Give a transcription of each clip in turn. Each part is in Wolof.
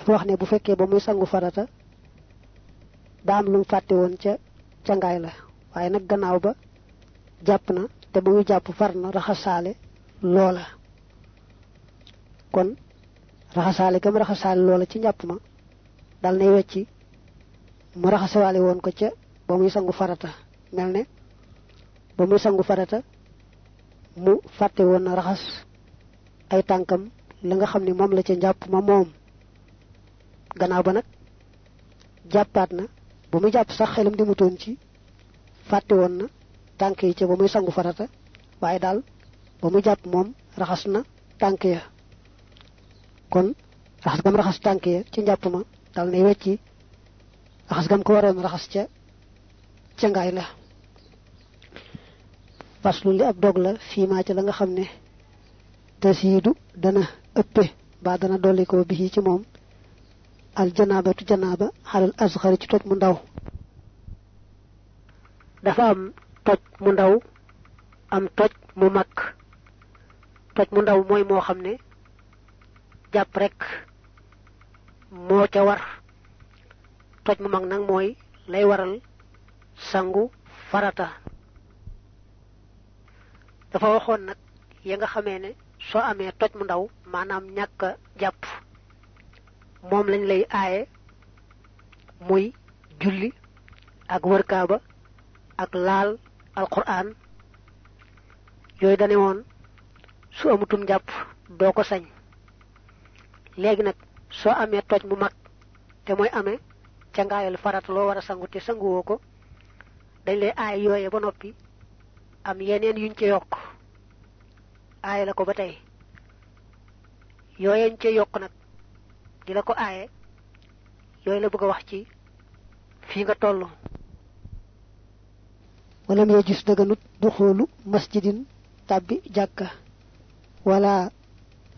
dafa wax ne bu fekkee ba muy sangu farata daa am lu mu fàtte woon ca cangaay la waaye nag gannaaw ba jàpp na te ba muy jàpp far na raxasaale loola kon raxasaale gam raxasaale loola ci njàpp ma dal nay wecci mu raxasawaale woon ko ca ba muy sangu farata mel ne ba muy sangu farata mu fàtte woon na raxas ay tànkam la nga xam ne moom la ca njàpp ma moom gannaaw ba nag jàppaat na ba mu jàpp sax xelam di mutoon ci fàtte woon na tànk yi ca ba muy sangu farata waaye daal ba mu jàpp moom raxas na tànk ya kon raxas gam raxas tànk ya ci njàpp ma dal nay wecci raxas gam ko waroon raxas ca ca ngaay la faslu li ab dog la fii maa ca la nga xam ne tasiidu dana ëppe mbaa dana dolli ko bii ci moom al janaabatu janaaba xalal asxari mu ndaw dafa am toj mu ndaw am toj mu mag toj mu ndaw mooy moo xam ne jàpp rekk moo ca war toj mu mag nag mooy lay waral sangu farata dafa waxoon nag ya nga xamee ne soo amee toj mu ndaw maanaam ñàkk jàpp moom lañ lay aaye muy julli ak wër ak laal alquran yooyu dane woon su amutum jàpp doo ko sañ léegi nag soo amee toj bu mag te mooy amee ca ngaayal farata loo war a sangu te sënguwoo ko dañ lay aay yooye ba noppi am yeneen yuñ ca yokk aay la ko ba tey yooyeen ca yokk nag di la ko aaye yooyu la bëgg wax ci fii nga toll wala yoo gis daganut du xoolu masjidin tàbbi jàkka wala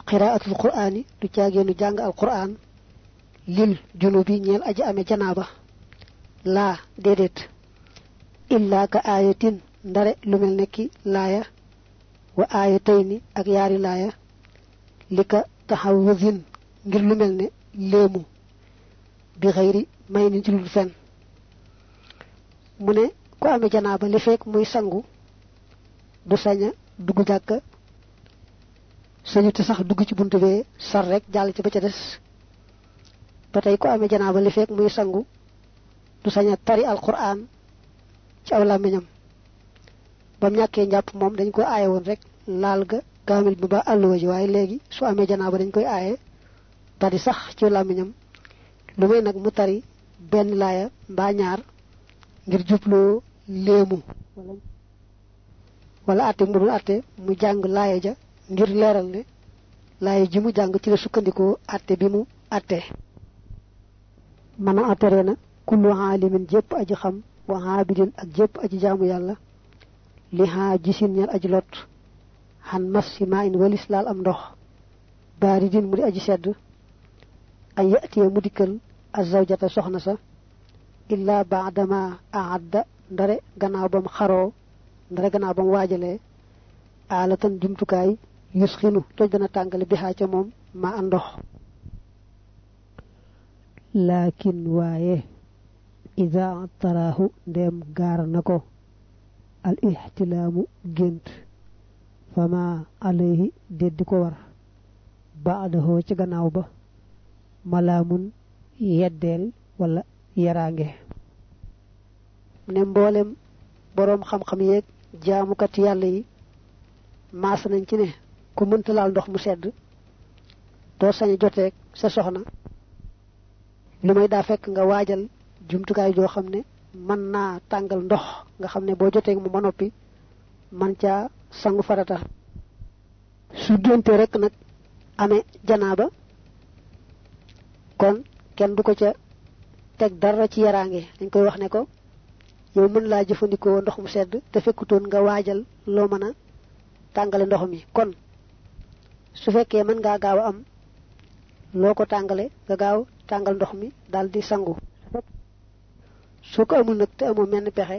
qiraatul qur'aani du caageenu jàng al qur'aan lil junubi ñeel aji ame janaaba laa déedéet illaa ka aayatin ndare lu mel ne ki laaya wa aayatayni ak yaari laaya li ka taxawasin ngir lu mel ne léemu bi xëyri may ni ci lu fen mu ne ku amee janaaba li fekk muy sangu du sañ a dugg jàkka sañu te sax dugg ci bunt bee sar rek jàll ci ba ca des ba tey ku amee janaaba li fekk muy sangu du saña a tari alquran ci aw làmmiñam ba ñàkkee njàpp moom dañ koy aaye woon rek laal ga gaamil bi ba àlluwa ji waaye léegi su amee ba dañ koy aaye tari sax ci làmmiñam lu may nag mu tari benn laaya mbaa ñaar ngir jubloo léemu wala atte mu dul atte mu jàng laaya ja ngir leeral ne laaya ji mu jàng ci la sukkandikoo atte bi mu atte mën a attere na kullu aalimin jépp aji xam wa aabidin ak jépp aji jaamu yàlla li haa gisin ñal aji lot xan mas si maa in walis laal am ndox baari din mu di aji sedd ay yatiya mu dikkal azawjata soxna sa illa baadama aadda ndare gannaaw bam xaroo ndare gannaaw bam waajalee aalatan jumtukaay yusxinu toj dana tàngale bihaa ca moom ma andox laakin waaye ida taraahu ndeem gaar na ko al ixtilaamu gént fama alayhi deddi ko war baadahoo ci gannaaw ba malaamun yeddeel wala yaraange ne mboolem boroom xam-xam yeeg jaamukat yàlla yi maas nañ ci ne ku mënta laal ndox mu sedd doo sañ a sa soxna lu may daa fekk nga waajal jumtukaay joo xam ne mën naa tàngal ndox nga xam ne boo joteeg mu ba noppi man caa sangu farata su génte rek nag amee janaaba kon kenn du ko ca teg dara ci yaraange dañ koy wax ne ko yow mën laa jëfandikoo ndox mu sedd te fekkutoon nga waajal loo mën a tàngale ndox mi kon su fekkee mën ngaa gaaw a am loo ko tàngale nga gaaw tàngal ndox mi daal di sangu soo ko amul nag te amoo menn pexe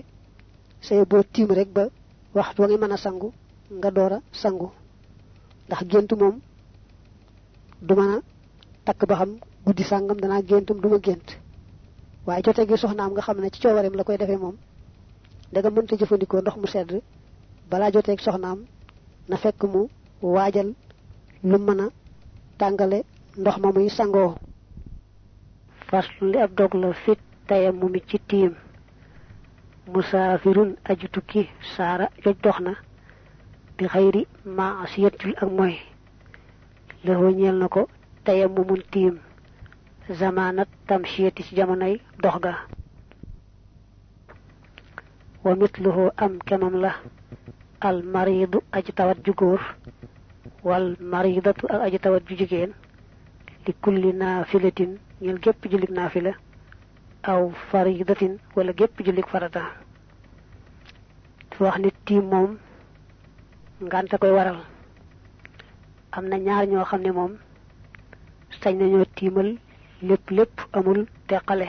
say boo tiim rek ba wax wa ngi mën a sangu nga door a sangu ndax gént moom du mën a takk ba xam guddi sàngam danaa géntum du ma gént waaye jote gi soxnaam nga xam ne ci coobareem la koy defee moom danga mënta jëfandikoo ndox mu sedd balaa joteeg soxnaam na fekk mu waajal lu mën a tàngale ndox ma muy sangoo faslu li ab dog la fit tayamu mi ci tiim musaafirun aju tukki saara joj dox na bi xayri maasiyatul ak mooy la ñeel na ko tayamu mun tiim zamaanat tamshiyati ci jamonoy dox ga wa mitluhu am kemam la al maridu aji tawat ju góor wal maridatu ak aji tawat ju jigéen li kulli naafilatin ñel gépp jullik naafila aw faridatin wala gépp jullik farata dafa wax nit tiim moom ngànte koy waral am na ñaar ñoo xam ne moom sañ nañoo tiimal lépp lépp amul teqale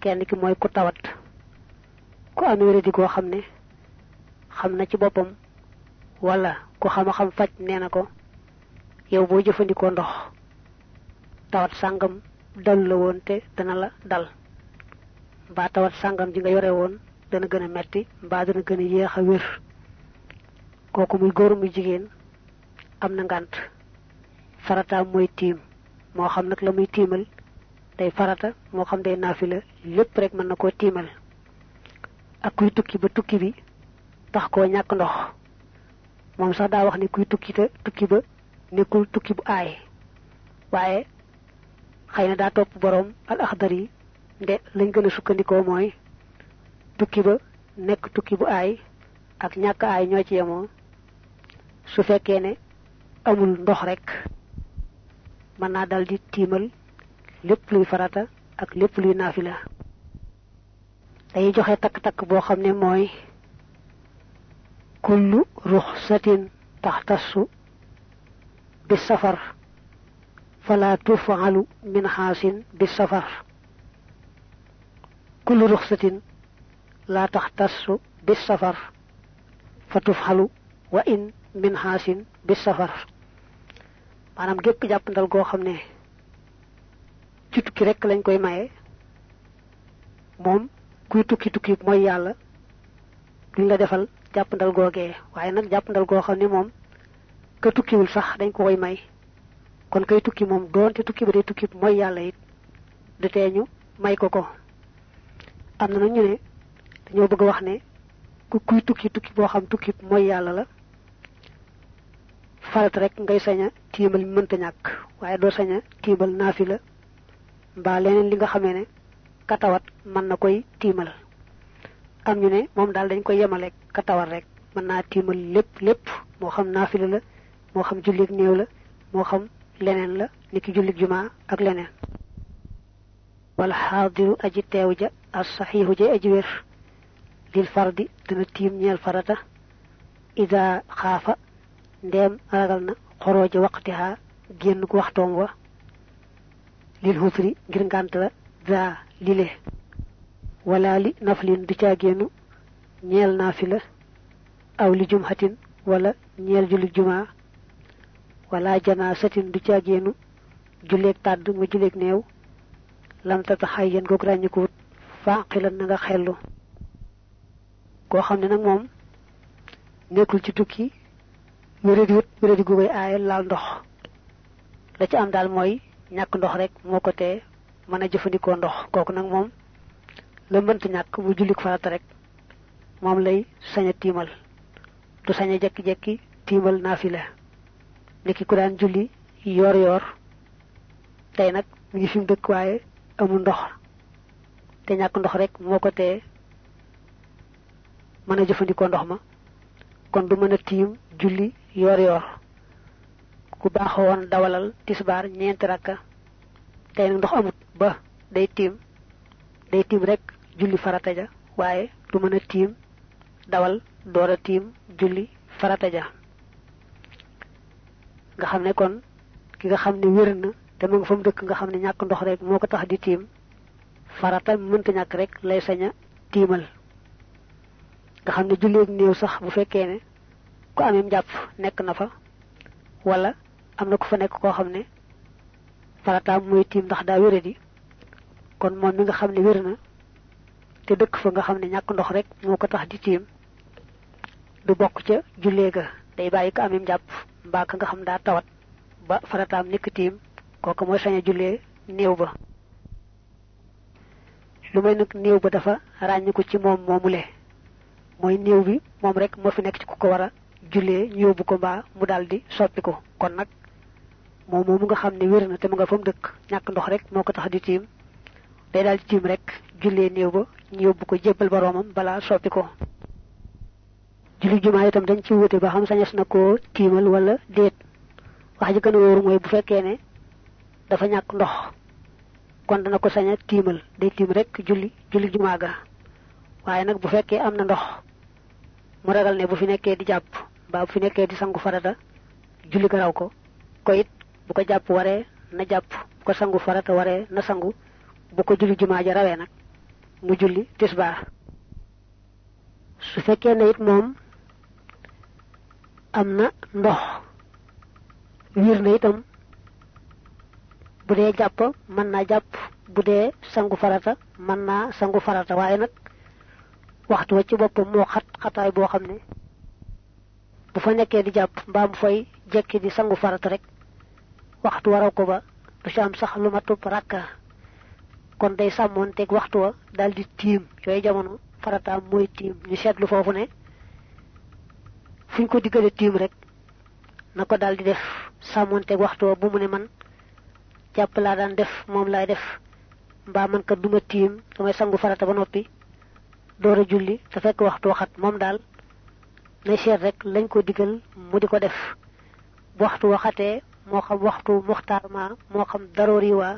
kenn ki mooy ku tawat ku am wéradi goo xam ne xam na ci boppam wala ku xam a xam faj nee na ko yow boo jëfandikoo ndox tawat sàngam dal la woon te dana la dal mbaa tawat sàngam ji nga yore woon dana gën a metti mbaa dana gën a yéex a wér kooku muy góor muy jigéen am na ngànt farataam mooy tiim moo xam nag la muy tiimal day farata moo xam naafi la lépp rek mën na koo tiimal ak kuy tukki ba tukki bi tax koo ñàkk ndox moom sax daa wax ni kuy tukki te tukki ba nekkul tukki bu aay waaye xëy na daa topp boroom al axdar yi lañ gën sukkandikoo mooy tukki nekk tukki bu aay ak ñàkk aay ñoo ci yemoo su fekkee ne amul ndox rekk mën naa daldi di tiimal lépp luy farata ak lépp luy naafila dañuy joxe takk-takk boo xam ne mooy kullu ruxsatin taxtassu bi safar fala tufalu min xaasin bi safar laa taxtassu bi safar fa tufalu wa in min xaasin bi safar maanaam gépp jàppandal goo xam ne ci tukki rek lañ koy maye moom kuy tukki tukki mooy yàlla duñ la defal jàpp jàppandal googee waaye nag jàppandal goo xam ne moom ka tukkiwul sax dañ ko koy may kon kay tukki moom doonte tukki ba dee tukki mooy yàlla it du tee ñu may ko ko am na nag ñu ne dañoo bëgg a wax ne ku kuy tukki tukki boo xam tukki mooy yàlla la farata rek ngay saña tiimal mënta ñàkk waaye doo saña tiimal la mbaa leneen li nga xamee ne katawat mën na koy tiimal am ñu ne moom daal dañ koy yemale katawat rek mën naa tiimal lépp lépp moo xam naafila la moo xam jullig néew la moo xam leneen la ni ki jumaa ak leneen wala xaadiru aji teew ja as saxiixu ja aji wér lil fardi dana tiim ñeel farata ida xaafa ndeem ragal na xorooja waqtiha génn gu waxtoom wa lil xusri ngir ngànt la daa lile wala li naflin du caa génnu ñeel naa fi la aw li jumhatin wala ñeel julli jumaa wala janaasatin du ca génnu julleeg tàdd ma julleeg néew lam tataxay yéen goog ràññikuwut faaqilan na nga xellu koo xam ne nag moom nekkul ci tukki wéradi wut wéradi gu koy aaye laal ndox la ci am daal mooy ñàkk ndox rek moo ko tee mën a jëfandikoo ndox kooku nag moom la mënta ñàkk bu jullik farata rek moom lay sañ a tiimal du sañ a jekki-jekki tiimal naafila niki ku daan julli yoor yoor tey nag mu ngi fi dëkk waaye amul ndox te ñàkk ndox rek moo ko tee mën a jëfandikoo ndox ma kon du mën a tiim julli yor yor ku baaxoo woon dawalal tisbaar ñeenti rakka tey nag ndox amut ba day tiim day tiim rek julli farata ja waaye du mën a tiim dawal door a tiim julli farata ja nga xam ne kon ki nga xam ne wér na te mu nga fa dëkk nga xam ne ñàkk ndox rek moo ko tax di tiim farata mënta ñàkk rek lay saña a tiimal nga xam ne julleeg néew sax bu fekkee ne ku ameem jàpp nekk na fa wala am na ku fa nekk koo xam ne farataam muy tiim ndax daa wére di kon moom mi nga xam ne wér na te dëkk fa nga xam ne ñàkk ndox rek moo ko tax di tiim du bokk ca jullee ga day bàyyi ko ameem jàpp mbaa ka nga xam daa tawat ba farataam nekk tiim kooku mooy sañ jullee néew ba lu may nag néew ba dafa ràññi ko ci moom moomule mooy néew bi moom rekk moo fi nekk ci ku ko war jullee ñu yóbbu ko mbaa mu daal di soppi ko kon nag moom moom moomu nga xam ne wér na te mu nga fa mu dëkk ñàkk ndox rek moo ko tax di tiim day daal di tiim rek julle néew ba ñu yóbbu ko jébbal boroomam balaa soppi ko. julli jumaa itam dañ ci wute ba xam sañes na koo tiimal wala déet wax ji gën wóoru mooy bu fekkee ne dafa ñàkk ndox kon dana ko sañ a tiimal day tiim rek julli julli jumaa ga waaye nag bu fekkee am na ndox mu ragal ne bu fi nekkee di jàpp. mbaa bu fi nekkee di sangu farata julli garaw ko ko it bu ko jàpp waree na jàpp bu ko sangu farata waree na sangu bu ko julli jumaa ja rawee nag mu julli tisbaar su fekkee ne it moom am na ndox wiir na itam bu dee jàpp mën naa jàpp bu dee sangu farata mën naa sangu farata waaye nag waxtu wa ci boppam moo xat xataay boo xam ne bu fa nekkee di jàpp mbaa bu fay jekki di sangu farata rek waxtu waraw ko ba du ci am sax lu matub rakka kon day sàmmoon waxtu wa daal di tiim yooyu jamono farataam mooy tiim ñu seetlu foofu ne fu ñu ko diggalee tiim rek na ko daal di def sàmmoon teg waxtu wa bu mu ne man jàpp laa daan def moom laay def mbaa man kat duma tiim damay sangu farata ba noppi door a julli te fekk waxtu waxat moom daal na seet rek lañ ko digal mu di ko def waxtu waxatee moo xam waxtu muxtaar ma moo xam daroori waa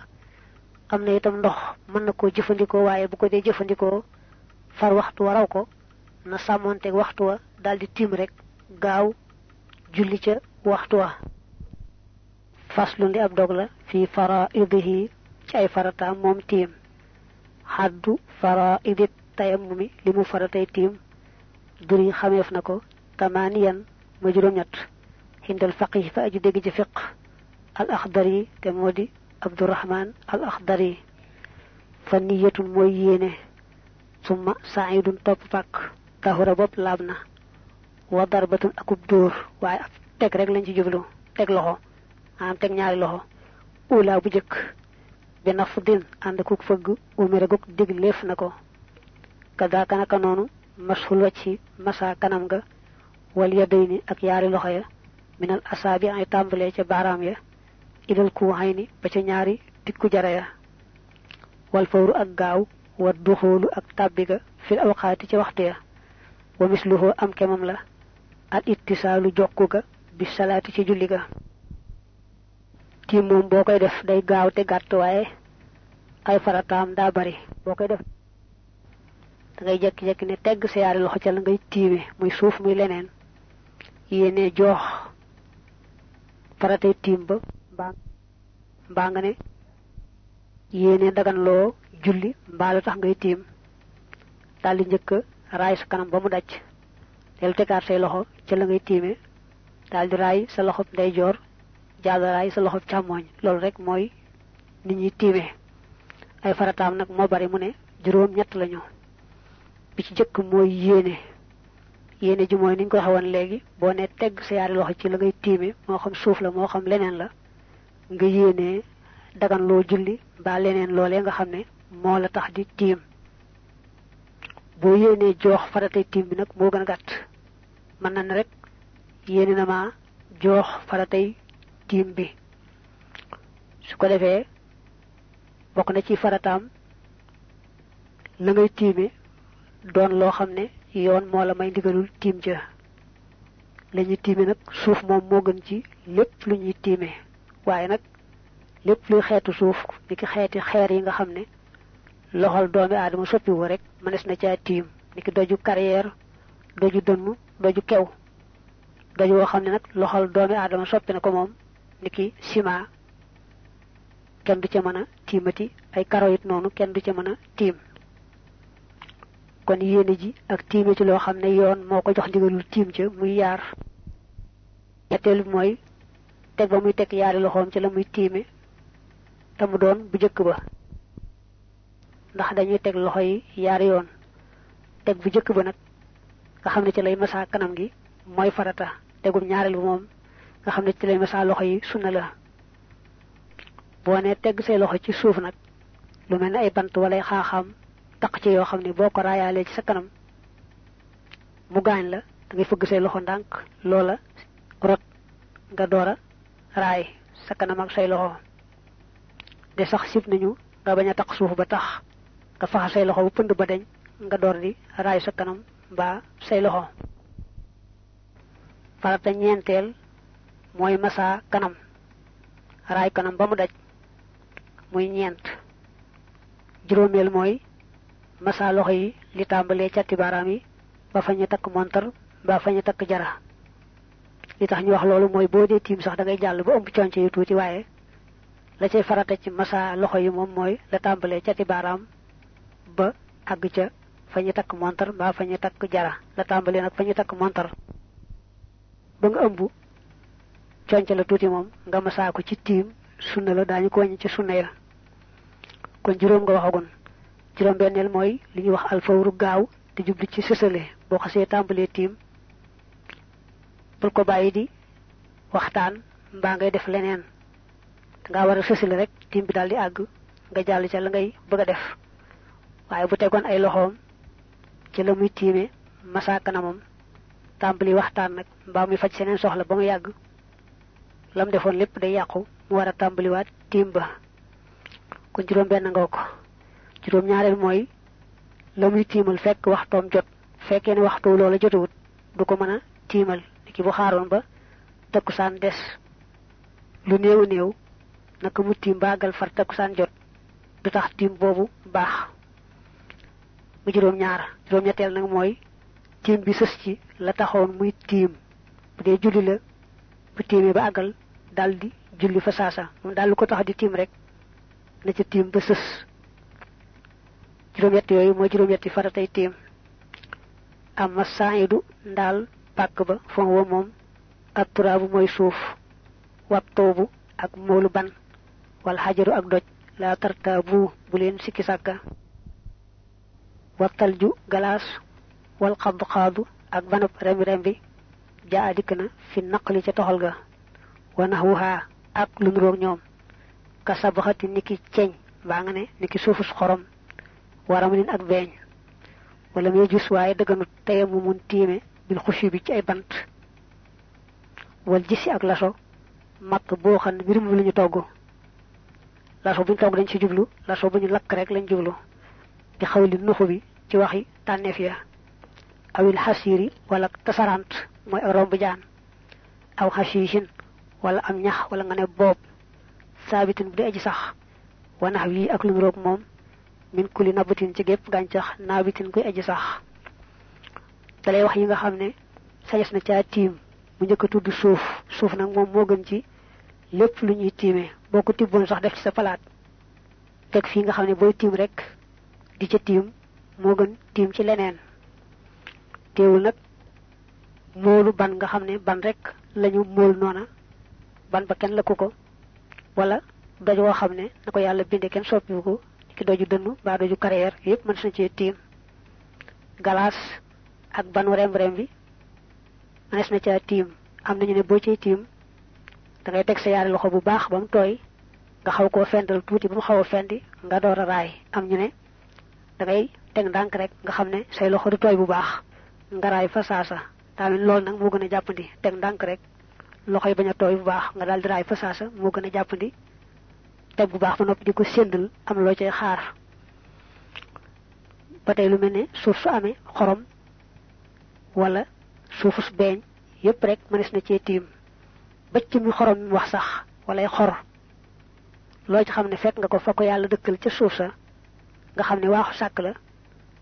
am na itam ndox mën na ko jëfandikoo waaye bu ko dee jëfandikoo far waxtu wa raw ko na sàmmoonteeg waxtu wa daldi tiim rek gaaw julli ca waxtu wa faslun di ab dog la fii faraidihi ci ay farataam moom tiim xaddu faraidi tayammumi li mu faratay tiim duri xameef na ko tamaaniyan mooy juróom-ñett hindal faqih fa aju dégg ci fiq al axdari te moo di abdurahman al axdari fa niyatun mooy yéene summa du topp pàkk tahura bopp laab na wa darbatun akub dóor waaye ab teg rek lañ ci jublu teg loxo maanaam teg ñaari loxo ula bu jëkk bi naf ànd kuk fëgg umira guk digleef na ko ka daaka naka noonu mashul wacci masa kanam ga wal yadayni ak yaari loxo ya minal asaabi ay tàmbalee ca baaraam ya ilal kuuxayni ba ca ñaari tikku jara ya wal fawru ak gaaw wa duxoolu ak tàbbiga fil awqaati ca waxtu ya wa misluhu am kemam la al ittisaalu jokku ga bi salaati ci julli ga tiim moom boo koy def day gaaw te gàtt waaye ay farataam daa bari boo koy def da ngay jekki-jekki ne tegg sa yaari loxo ca la ngay tiime muy suuf muy leneen yéene joox faratay tiim ba mbaa mbaa nga ne yéene daganloo julli mbaa lu tax ngay tiim daldi njëkk raay sa kanam ba mu daj del tegaat say loxo ca la ngay tiime daldi raay sa loxo ndeyjoor jàll raay sa loxo càmmooñ loolu rek mooy nit ñi tiime ay farataam nag moo bari mu ne juróom ñett lañu bi ci jëkk mooy yéene yéene ji mooy ni ñu ko waxee léegi boo ne tegg sa yaari loxo ci la ngay tiime moo xam suuf la moo xam leneen la nga yéene dagan loo julli mbaa leneen loolee nga xam ne moo la tax di tiim boo yéenee joox faratay tiim bi nag moo gën a gàtt mën na ne rek yéene na ma joox faratay tiim bi su ko defee bokk na ci farataam la ngay tiime doon loo xam ne yoon moo la may ndigalul tiim ca la ñuy tiime nag suuf moom moo gën ci lépp lu ñuy tiime waaye nag lépp luy xeetu suuf ni ki xeeti xeer yi nga xam ne loxol doomi aadama soppiwu rek mënees na caa tiim ni ki doju carrière doju dënnu doju kew doju woo xam ne nag loxol doomi aadama soppi na ko moom ni ki ciment kenn du ca mën a tiimati ay karo it noonu kenn du ca mën a tiim kon yéene ji ak tiime ci loo xam ne yoon moo ko jox ndigalul tiim ca muy yaar teelu bi mooy teg ba muy teg yaari loxoom ci la muy tiime te mu doon bu jëkk ba ndax dañuy teg loxo yi yaar yoon teg bu jëkk ba nag nga xam ne ci lay masaa kanam gi mooy farata tegum ñaareel bi moom nga xam ne ci lay masaa loxo yi sunna la boo nee teg say loxo ci suuf nag lu mel ne ay bant wala ay xaaxaam taq ci yoo xam ne boo ko raayaalee ci sa kanam mu gaañ la da ngay fëgg say loxo ndànk loola rot nga doora a raay sa kanam ak say loxo de sax sib nañu nga bañ a taq suuf ba tax nga faxa say loxo bu pënd ba deñ nga door di raay sa kanam mbaa say loxo farata ñeenteel mooy masaa kanam raay kanam ba mu daj muy ñeent juróomeel mooy massa loxo yi li tàmbalee cati baaraam yi ba fañ a takk montar ba fañ a takk jara li tax ñu wax loolu mooy boo dee tiim sax da ngay jàll ba ëmb conc yu tuuti waaye la cay farata ci massa loxo yi moom mooy la tàmbalee cati baaraam ba àgg ca fañu takk montar ba fañu takk jara la tàmbalee nag fañu takk montar ba nga ëmb conc la tuuti moom nga massa ko ci tiim sunna la daañu ko wàññi ci sunna ya kon juróom nga waxagun juróom-benneel mooy li ñuy wax alfawru gaaw te jublu ci sësale boo xasee tàmbalee tiim bul ko bàyyi di waxtaan mbaa ngay def leneen danga war a sësale rek tiim bi daal di àgg nga jàll ca la ngay bëgg a def waaye bu tegoon ay loxoom ci la muy tiime masaa kanamam tàmbali waxtaan nag mbaa muy faj seneen soxla ba mu yàgg lam defoon lépp day yàqu mu war a tàmbaliwaat tiim ba kon juróom benn nga ko juróom-ñaareel mooy la muy tiimal fekk waxtoom jot fekkee ne waxtu loola jotuwut du ko mën a tiimal ki bu xaaroon ba takkusaan des lu néew a néew naka mu tiim baagal far takkusaan jot du tax tiim boobu baax mu juróom-ñaar juróom-ñetteel nag mooy tiim bi sës ci la taxoon muy tiim bu dee julli la bu tiimee ba àggal daldi julli fa saasa moom daal lu ko tax di tiim rek na ca tiim ba sës juróom-ñett yooyu mooy juróom-ñetti faratay tiim amma saayidu ndaal pàkk ba fon wa moom ak turaabu mooy suuf wat toobu ak moolu ban wal xajaru ak doj laa tartaabu bu leen sikki sàkka wattal ju galaas wal xaddu xaddu ak banab rembi rembi jaa dikk na fi naqli ca toxal ga wanax wuxaa ak lu nuroog ñoom kasabaxati niki ceeñ baa nga ne niki suufus xorom waram leen ak beeñ wala muy jus waaye dëgganut teye mu mun tiime bil xushi bi ci ay bant wal gisi ak laso matt boo xam ne mbirum lu ñu togg laso bu ñu togg dañ ci jublu laso buñu lakk rek lañ jublu di xaw li nuxu bi ci waxi tànneef ya awil xasiiri wala tasarant mooy ak romb jaan aw xasiisin wala am ñax wala nga ne boob saabitin bu dee aji sax wanax yi ak lu mu roog moom min kuli nabatin ci gépp gàncax naabitin kuy aji sax dalay wax yi nga xam ne sañes na caa tiim mu njëkk a tudd suuf suuf nag moom moo gën ci lépp lu ñuy tiimee boo ko tibboon sax def ci sa palaat teg fii nga xam ne booy tiim rek di ca tiim moo gën tiim ci leneen teewul nag moolu ban nga xam ne ban rek lañu mool noona ban ba kenn lëkku ko wala doj woo xam ne na ko yàlla binde kenn soppiwu ko ki doju dënnu mbaa doju carrière yëpp mën na cee tiim galaas ak banu rem-rem bi mënees na caa tiim am nañu ne boo ci tiim da teg sa yaari loxo bu baax ba mu tooy nga xaw koo fendal tuuti ba mu xaw a fendi nga door a raay am ñu ne da ngay teg ndànk rek nga xam ne say loxo du tooy bu baax nga raay fa saasa tamit loolu nag moo gën a jàppandi teg ndànk rek loxo yi bañ a tooy bu baax nga daal di raay fa saasa moo gën a jàppandi teg bu baax ba noppi di ko séddal am loo cay xaar ba tey lu mel ni suuf su amee xorom wala suufu su beeñ yépp rek mënees na cee tiim bëcc mi xorom mu wax sax walay xor loo ci xam ne fekk nga ko fa ko yàlla dëkkal ca suuf sa nga xam ne waaxu sàkk la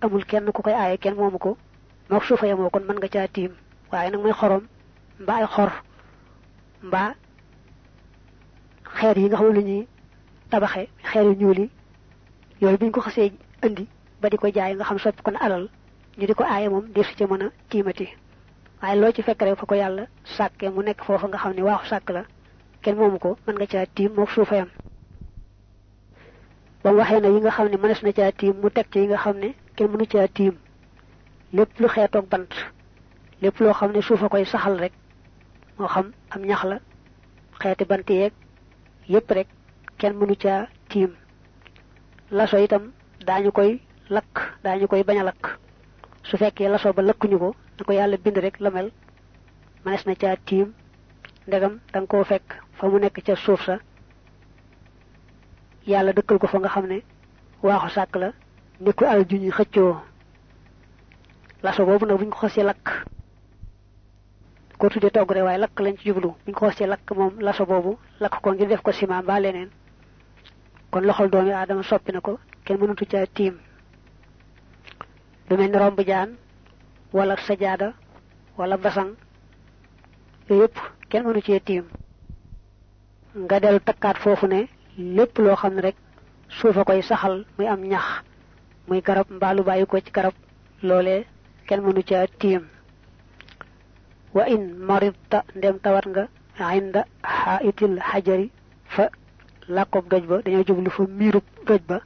amul kenn ku koy aaye kenn moomu ko moo suufa yemoo kon man nga caa tiim waaye nag mooy xorom mbaa ay xor mbaa xeer yi nga xam ne tabaxe xeeru ñuul yi yooyu bu ñu ko xasee indi ba di ko jaay nga xam soppi ko na alal ñu di ko aaye moom si ci mën a tiimati waaye loo ci fekk rek fa ko yàlla sàkke mu nekk foofa nga xam ne waaxu sàkk la kenn moomu ko mën nga caa tiim mook suufayam ba mu waxee ne yi nga xam ne mënees na caa tiim mu teg ci yi nga xam ne kenn mënu caa tiim lépp lu xeetoog bant lépp loo xam ne suufa koy saxal rek moo xam am ñax la xeeti bant yeeg yépp rek kenn mënu caa tiim laso itam daañu koy lakk daañu koy bañ a lakk su fekkee laso ba lakkuñu ko na ko yàlla bind rek la mel mënees na caa tiim ndegam da nga koo fekk fa mu nekk ca suuf sa yàlla dëkkal ko fa nga xam ne waaxu sàkk la nekku al ju ñuy xëccoo laso boobu nag buñ ko xasee lakk ko tuddee togg rek waaye lakk lañ ci jublu buñ ko xasee lakk moom laso boobu lakk ko ngir def ko ciment mbaa leneen kon loxol doomi aadama soppi na ko kenn mënatu caa tiim lu mel ni romb jaan wala sajaada wala basan yooyu yëpp kenn mënu cee tiim nga dellu takkaat foofu ne lépp loo xam ne rek suufa koy saxal muy am ñax muy garab mbaalu bàyyi ko ci garab loolee kenn mënu caa tiim wa in maridta ndem tawat nga inda xaitil xajari fa làkkob doj ba dañoo jublu fa miirub doj ba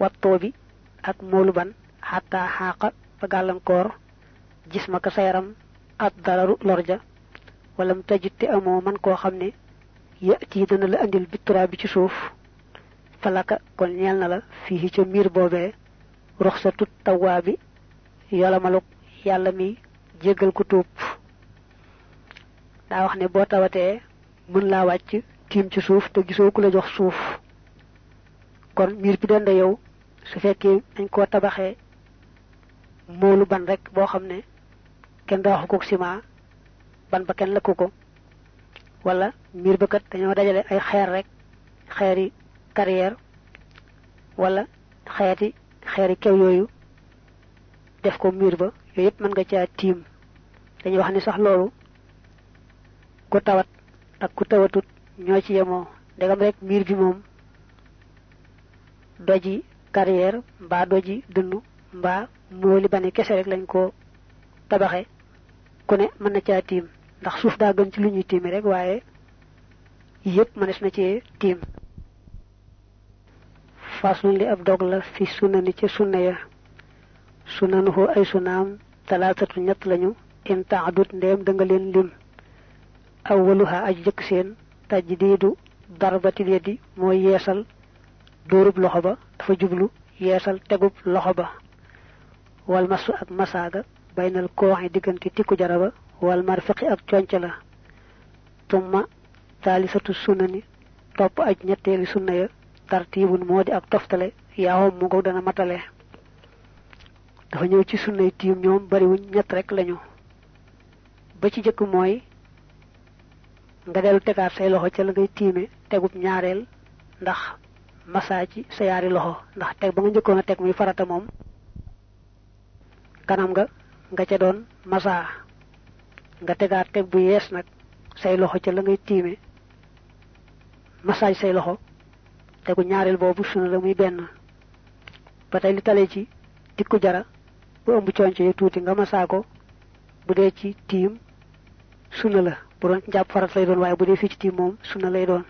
watto bi ak moolu ban xataa xaaqa ba gàllankoor gis ma ko sa yaram at dalaru lorja wala mu tajut amoo man koo xam ne yëti dana la andil bitturaa ci suuf falaka ko ñeel na la fii ca miir boobee ruxsatu tawwaa bi yolomaluk yàlla mi jéggal ku tuub daa wax ne boo tawatee mën laa wàcc tiim ci suuf te gisoo ku la jox suuf kon miir bi denda yow su fekkee dañ koo tabaxee moolu ban rekk boo xam ne kenn daaxu ko ciment ban ba kenn lakku ko wala miir ba kat dañoo dajale ay xeer rek xeeri carrière wala xeeti xeeri kew yooyu def ko miir ba yooyu yëpp mën nga caa tiim dañuy wax ni sax loolu ku tawat ak ku tawatut ñoo ci yemoo ndegam rekk mbir bi moom doji carrière mbaa doji dund mbaa mooli bane kese rek lañ ko tabaxe ku ne mën na caa tiim ndax suuf daa gën ci lu ñuy tiimi rek waaye yëpp mënees na cee tiim faslun li ab dog la fi sunani ca sunna ya sunanuhu ay sunaam talaatatu ñett lañu in taadut ndeem da nga leen lim awwaluha aj jëkk seen tajdiidu darbatil yadi mooy yeesal dóorub loxo ba dafa jublu yeesal tegub loxo ba wal masu ak masaaga baynal kooxi diggante tikku jara ba wal marfiqi ak conc la tumma taalisatu sunna ni topp aj ñetteeli sunna ya tartiibun moo di ak toftale yaawam mu ko dana matale dafa ñëw ci sunnay tiim ñoom bariwuñ ñett rek lañu ba ci jëkk mooy nga dellu tegaat say loxo ca la ngay tiime tegub ñaareel ndax masaa ci sa yaari loxo ndax teg ba nga njëkkoon a teg muy farata moom kanam nga nga ca doon masaa nga tegaat teg bu yees nag say loxo ca la ngay tiime masaa ci say loxo tegu ñaareel boobu sunu la muy benn ba tey li talee ci dikku jara bu ëmb conco yi tuuti nga masaa ko bu dee ci tiim sunu la bu doon jàpp farat lay doon waaye bu dee fii ci tiim moom sunna lay doon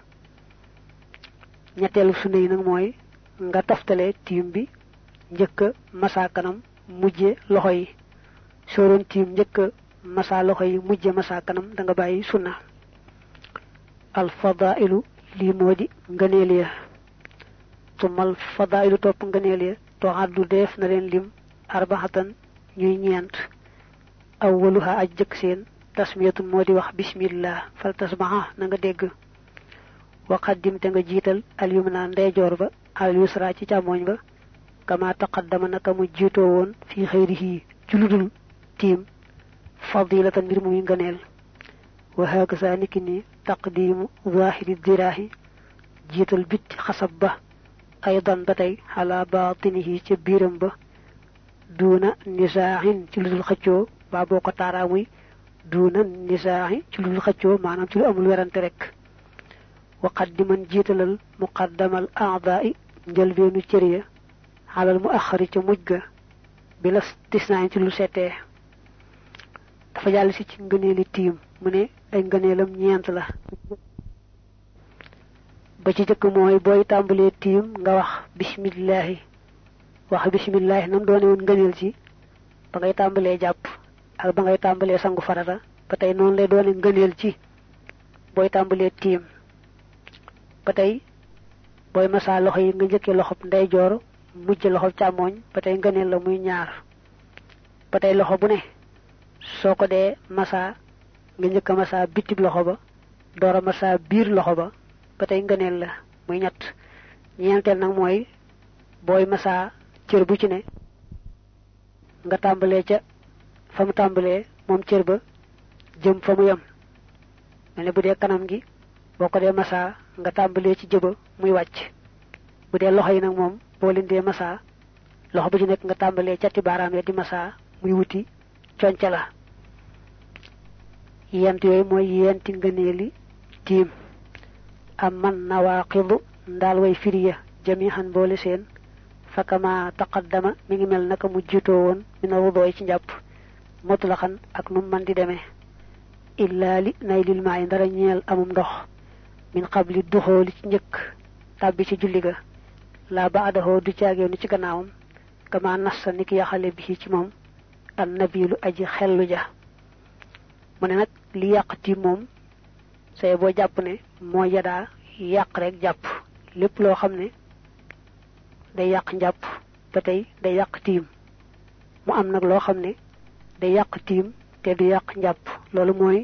ñetteelu sunna yi nag mooy nga toftale tiim bi njëkk a masa kanam mujje loxo yi soo doon tiim njëkk masaa loxo yi mujje masaa kanam danga bàyyi sunna alfadailu lii moo di ngëneel ya tumal fadailu topp ngëneel ya toxaddu def na leen lim arbaxatan ñuy ñeent awwaluha aj jëkk seen tasmiyatun moo di wax bismillah fal tasbaha na nga dégg waqaddim te nga jiital al yumna ndeyjoor ba al ci càmmooñ ba kama taqaddama naka mu jiitoo woon fii xëyrihi ci ludul tiim fadilatan mbir muy ngëneel wa hakaza niki ni taqdimu zahiri diraahi jiital bit xasab ba aydan ba tey ala batinihi ca biiram ba duuna nisaahin ci ludul xëccoo baa boo ko taaraa duuna nisaaxi ci lu xëccoo maanaam ci lu amul werante rek waqat di man jiitalal muqaddamal aadaa'i njëlbeenu cër ya xalal mu axari ca mujj ga bi la tisnaañ ci lu settee dafa jàll si ci ngëneeli tiim mu ne ay ngëneelam ñeent la ba ci jëkk mooy booy tàmbalee tiim nga wax bismillaahi wax bismillaahi nam doone woon ngëneel ci ba ngay tàmbalee jàpp ak ba ngay tàmbalee sangu farata ba tey noonu lay doone ngëneel ci booy tàmbalee tiim ba tey booy masaa loxo yi nga njëkkee loxob ndeyjoor mujj loxob càmmooñ ba tey ngëneel la muy ñaar ba tey loxo bu ne soo ko dee masaa nga njëkk masaa bitib loxo ba door masaa biir loxo ba ba tey ngëneel la muy ñett ñeenteel nag mooy booy masaa cër bu ci ne nga tàmbalee ca fa mu tàmbalee moom cër ba jëm fa mu yem mel ne bu dee kanam gi boo ko dee masaa nga tàmbalee ci jëba muy wàcc bu dee loxo yi nag moom boo leen dee masaa loxo bu ci nekk nga tàmbalee cati baaraam ya di masaa muy wuti conca la yent yooyu mooy yenti li tiim am man nawaaqidu ndaal way firi ya jamihan boole seen fakama taqaddama mi ngi mel naka mu jiitoo woon mina wudooy ci njàpp mutlaxan ak nu man di demee illaa li naylil maay ndara ñeel amum ndox min qabli duxooli ci njëkk tàbbi ci julli ga laa ba adahoo du caageenu ci gannaawam kama nassa ni ki yaxale bi ci moom an nabilu aji xellu ja mu ne nag li yàq ti moom say boo jàpp ne moo yadaa yàq rek jàpp lépp loo xam ne day yàq njàpp ba tey day yàq tiim mu am nag loo xam ne day yàq tiim te du yàq njàpp loolu mooy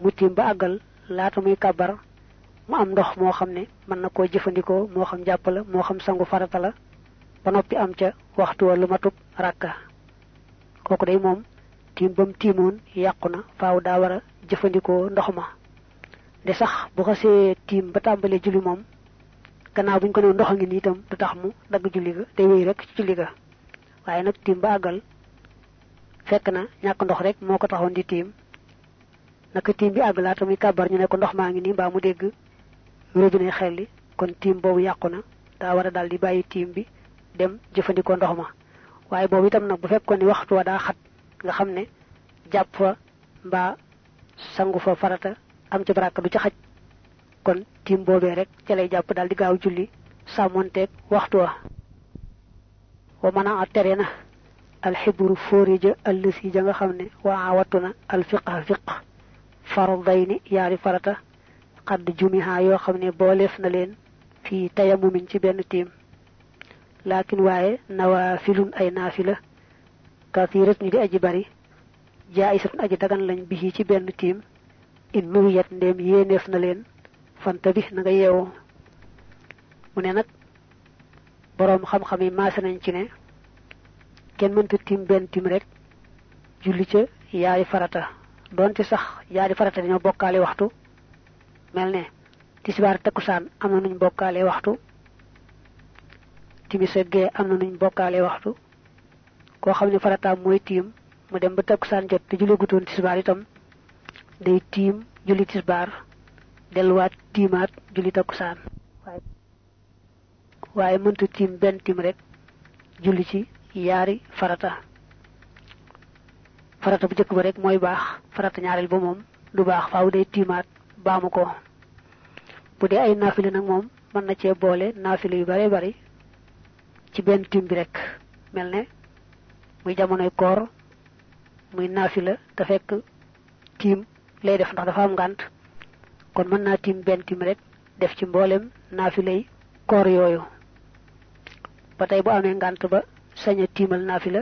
mu tiim ba àggal laata muy kàbbar mu am ndox moo xam ne mën na koo jëfandikoo moo xam njàpp la moo xam sangu farata la ba noppi am ca waxtu wa lu matub ràkka kooku day moom tiim ba mu tiimoon yàqu na faw daa war jëfandikoo ndox ma de sax bu xasee tiim ba tàmbalee julli moom gannaaw bu ko ne ndox a ngi nii itam du tax mu dagg julli ga day wéy rek ci julli ga waaye nag tiim ba àggal fekk na ñàkk ndox rek moo ko taxoon di tiim naka tiim bi àgg laata muy kàbbar ñu ne ko ndox maa ngi nii mbaa mu dégg robinet xel li kon tiim boobu yàqu na daa war a daal di bàyyi tiim bi dem jëfandikoo ndox ma waaye boobu itam nag bu fekkoon ni waxtu wa daa xat nga xam ne jàpp fa mbaa sangu fa farata am ca baraka du ca xaj kon tiim boobee rek ca lay jàpp daal di gaaw julli sàmmonteeg waxtu wa wa mën a tere na alxibru fóorija allësi ja nga xam ne waa wattu na alfiqa fiq faradayni yaari farata xadd jumiha yoo xam ne booleef na leen fii tayamumin ci benn tiim laakin waaye nawaafilun ay naafila kathirat ñu di aji bari jaayisatun aji dagan lañ bi ci benn tiim in nuwiyat ndéem yéeneef na leen fanta bi na yeewoo mu ne nag boroom xam-xam yi maase nañ ci ne kenn mënta tim benn tiim rek julli ca yaari farata donte sax yaari farata dañoo bokkaale waxtu mel ne tisbaar takkusaan am na nuñ bokkaale waxtu timis am na nuñ bokkaale waxtu koo xam ne farataam mooy tiim mu dem ba takkusaan jot te julli gutoon tisbaar itam day tiim julli tisbaar delluwaat tiimaat julli takkusaan waaye mënta tiim benn tiim rek julli ci yaari farata farata bu njëkk ba rek mooy baax farata ñaareel ba moom du baax faaw day tiimaat baamu ko bu dee ay naafile nag moom mën na cee boole naafile yu bare bari ci benn tiim bi rek mel ne muy jamonoy koor muy naafila te fekk tiim lay def ndax dafa am ngànt kon mën naa tiim benn tiim rek def ci mboolem naafilay koor yooyu ba tey bu amee ngànt ba sañ a naafi la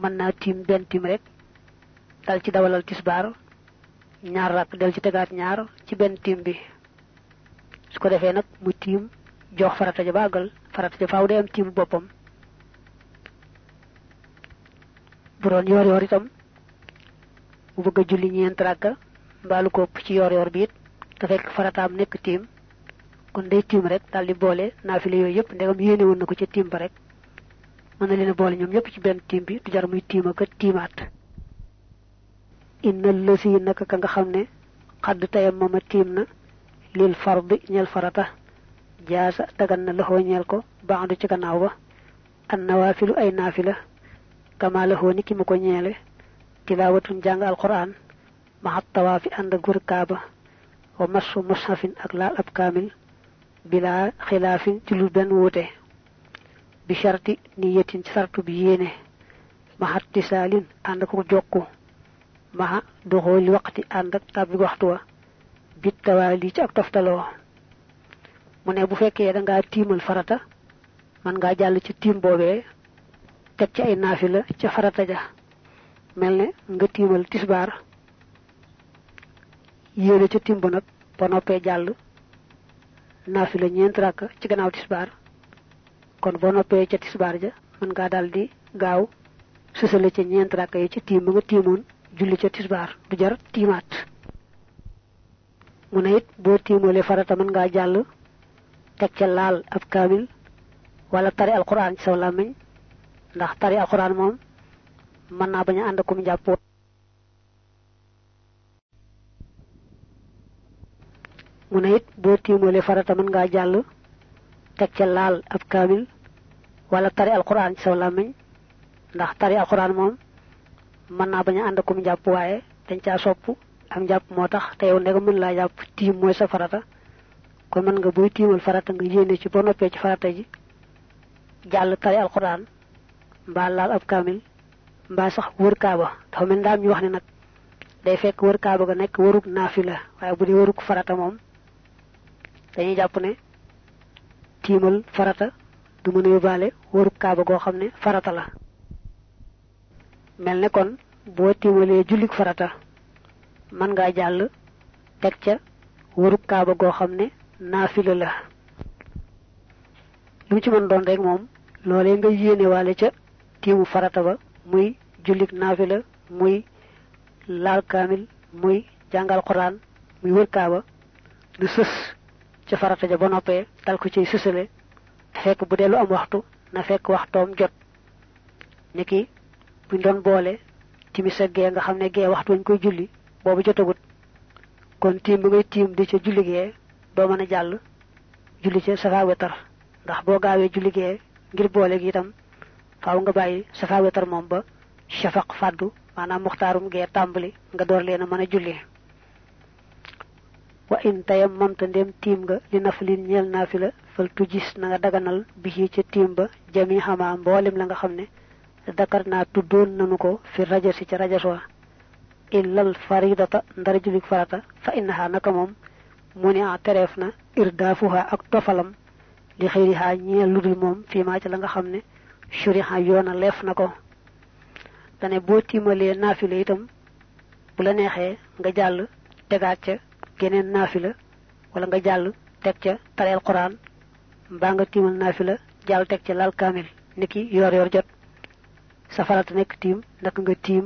mën naa tiim benn tiim rek dal ci dawalal tisbaar ñaar rakk del ci tegaat ñaar ci benn tiim bi su ko defee nag mu tiim jox farata ja bàggal farata ja faaw day am tiimu boppam bu doon yoor yoor itam mu bëgg a julli ñeent rakka mbaalu ko ci yoor yoor bi it te fekk farataam nekk tiim kon day tiim rek daal di boole naafile yooy yëpp ndegam yéene na ko ca tiim ba rek mën na leen boole ñoom ñëpp ci benn tiim bi du jar muy tiima ka tiimaat inna lësi naka ka nga xam ne xadd tayam mooma tiim na lil fardi ñel farata jaasa dagan na loxoo ñeel ko baxandu ci gannaaw ba an nawaafilu ay naafila kama loxoo ni ki mu ko ñeele tilaawatun jàng alquran maxat tawaafi ànd ak wër kaaba wa masu mushafin ak laal ab kaamil bila xilaafin ci lu benn wuute bi sharti niyatin ci sartu bi yéene maxa tisaalin ànd ak jokku maxa doxooli waxtu wa bit tawaali ci ak toftaloo mu ne bu fekkee da ngaa tiimal farata mën ngaa jàll ci tiim boobee teg ci ay naafila ca farata ja mel ne nga tiimal tisbaar yéene ca tiim ba nag ba noppee jàll naafila ñeent rakk ci gannaaw tisbaar kon boo noppee ca tisbaar ja mën ngaa dal di gaaw sësale ca ñeent rakk yi ci tiim ba nga tiimoon julli ca tisbaar du jar tiimaat mu ne it boo tiimoolee farata mën ngaa jàll teg ca laal ab kaamil wala tari alquran ci saw làmmiñ ndax tari alquran moom mën naa a ànd jàpp mu ne it boo tiimoolee farata mën ngaa jàll teg ca laal ab kaamil wala tari alquran ci saw làmmiñ ndax tari alquran moom mën naa bañ a ànd akum njàpp waaye dañ caa sopp am jàpp moo tax te yow ndega mën laa jàpp tiim mooy sa farata kon mën nga buy tiimal farata nga yéene ci boo noppee ci farata ji jàll tari alquran mbaa laal ab kaamil mbaa sax wër kaaba dafa mel ndaam ñu wax ne nag day fekk wër kaaba ga nekk wërug la waaye bu dee wërug farata moom dañuy jàpp ne tiimal farata du mën yóbbaale wërub kaaba goo xam ne farata la mel nekkoon kon boo tiimalee jullik farata man ngaa jàll teg ca wërub kaaba goo xam ne naafila la lu mu ci mën doon rek moom loolee nga yéene ca tiimu farata ba muy jullik naafila muy laal kaamil muy jàngal xuraan muy wër kaaba lu sës ca farata ja ba noppee dal ko ciy sësale fekk bu dee lu am waxtu na fekk waxtoom jot niki buñ doon boole timis ak gee nga xam ne gee waxtu wañ koy julli boobu jotagut kon tiim bu ngay tiim di ca julli gee doo mën a jàll julli ca safa wetar ndax boo gaawee julli gee ngir boole gi itam faaw nga bàyyi safa wetar moom ba shafaq fàddu maanaam muxtaarum gee tàmbali nga door leen a mën a julli wa in tayammamta ndem tiim nga li naflin ñeel naafila fal tujis na nga daganal bi ca tiim ba jami xamaa mboolem la nga xam ne dakar na tuddoon nanu ko fi rajas ci ca rajas wa illal faridata ndara julik farata fa innaha naka moom mu ne a tereef na irdaafuha ak tofalam li xëyriha ñeel ludul moom fii maa ci la nga xam ne shuriha yoona leef na ko dane boo tiimalee naafila itam bu la neexee nga jàll tegaat ca geneen la wala nga jàll teg ca tareel quran mbaa nga tiimal la jàll teg ca laal kaamil ki yoor yoor jot sa farata nekk tiim naka nga tiim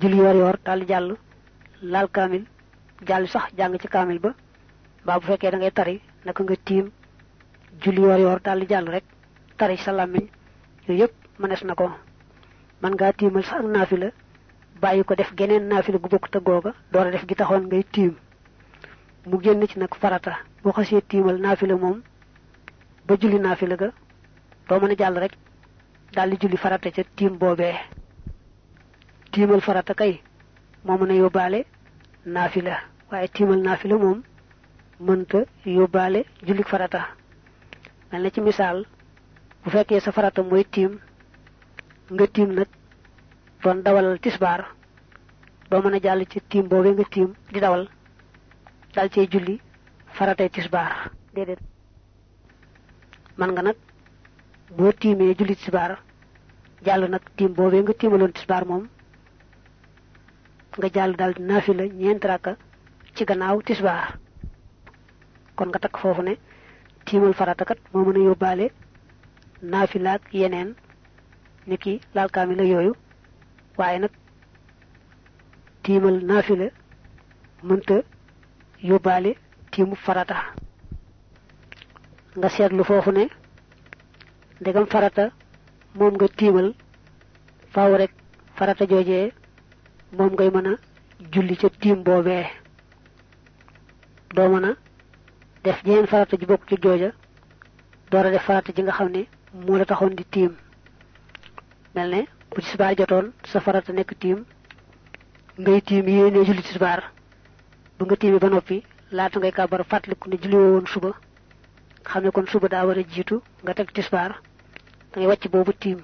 julli yoor yoor daal jàll laal kaamil jàll sax jàng ci kaamil ba mbaa bu fekkee da ngay tari naka nga tiim julli yoor yoor jàll rek tari sa làmmiñ yooyu yëpp mënees na ko mën ngaa tiimal sax ak naafila bàyyi ko def geneen naafila gu bokk te googa door a def gi taxoon ngay tiim mu génn ci nag farata boo xasee tiimal naafila moom ba julli naafila ga doo mën a jàll rek daal di julli farata ca tiim boobee tiimal farata kay moo mën a yóbbaale naafila waaye tiimal naafila moom mënta yóbbaale julli farata mel na ci misaal bu fekkee sa farata mooy tiim nga tiim nag doon dawalal tisbaar doo mën a jàll ci tiim boobee nga tiim di dawal dal cee julli faratay tisbaar man nga nag boo tiimee julli tisbaar jàll nag tiim boobee nga tiimaloon tisbaar moom nga jàll daal naafila ñeent rakka ci gannaaw tisbaar kon nga takk foofu ne tiimal faratakat moo mën a yóbbaale naafila ak yeneen ni ki laal kaamila yooyu waaye nag tiimal naafila mënta yóbbaale tiimu farata nga seetlu foofu ne ndegam farata moom nga tiimal faaw rek farata joojee moom ngay mën a julli ca tiim boobee doo mën def jeneen farata ji bokk ci jooja door def farata ji nga xam ne moo la taxoon di tiim mel ne bu ci subaar jotoon sa farata nekk tiim ngay tiim yéenee julli ci subaar bu nga tiimee ba noppi laata ngay kàbbar fàttaliku ne julli woon suba xam kon suba daa war a jiitu nga teg tisbaar da ngay wàcc boobu tiim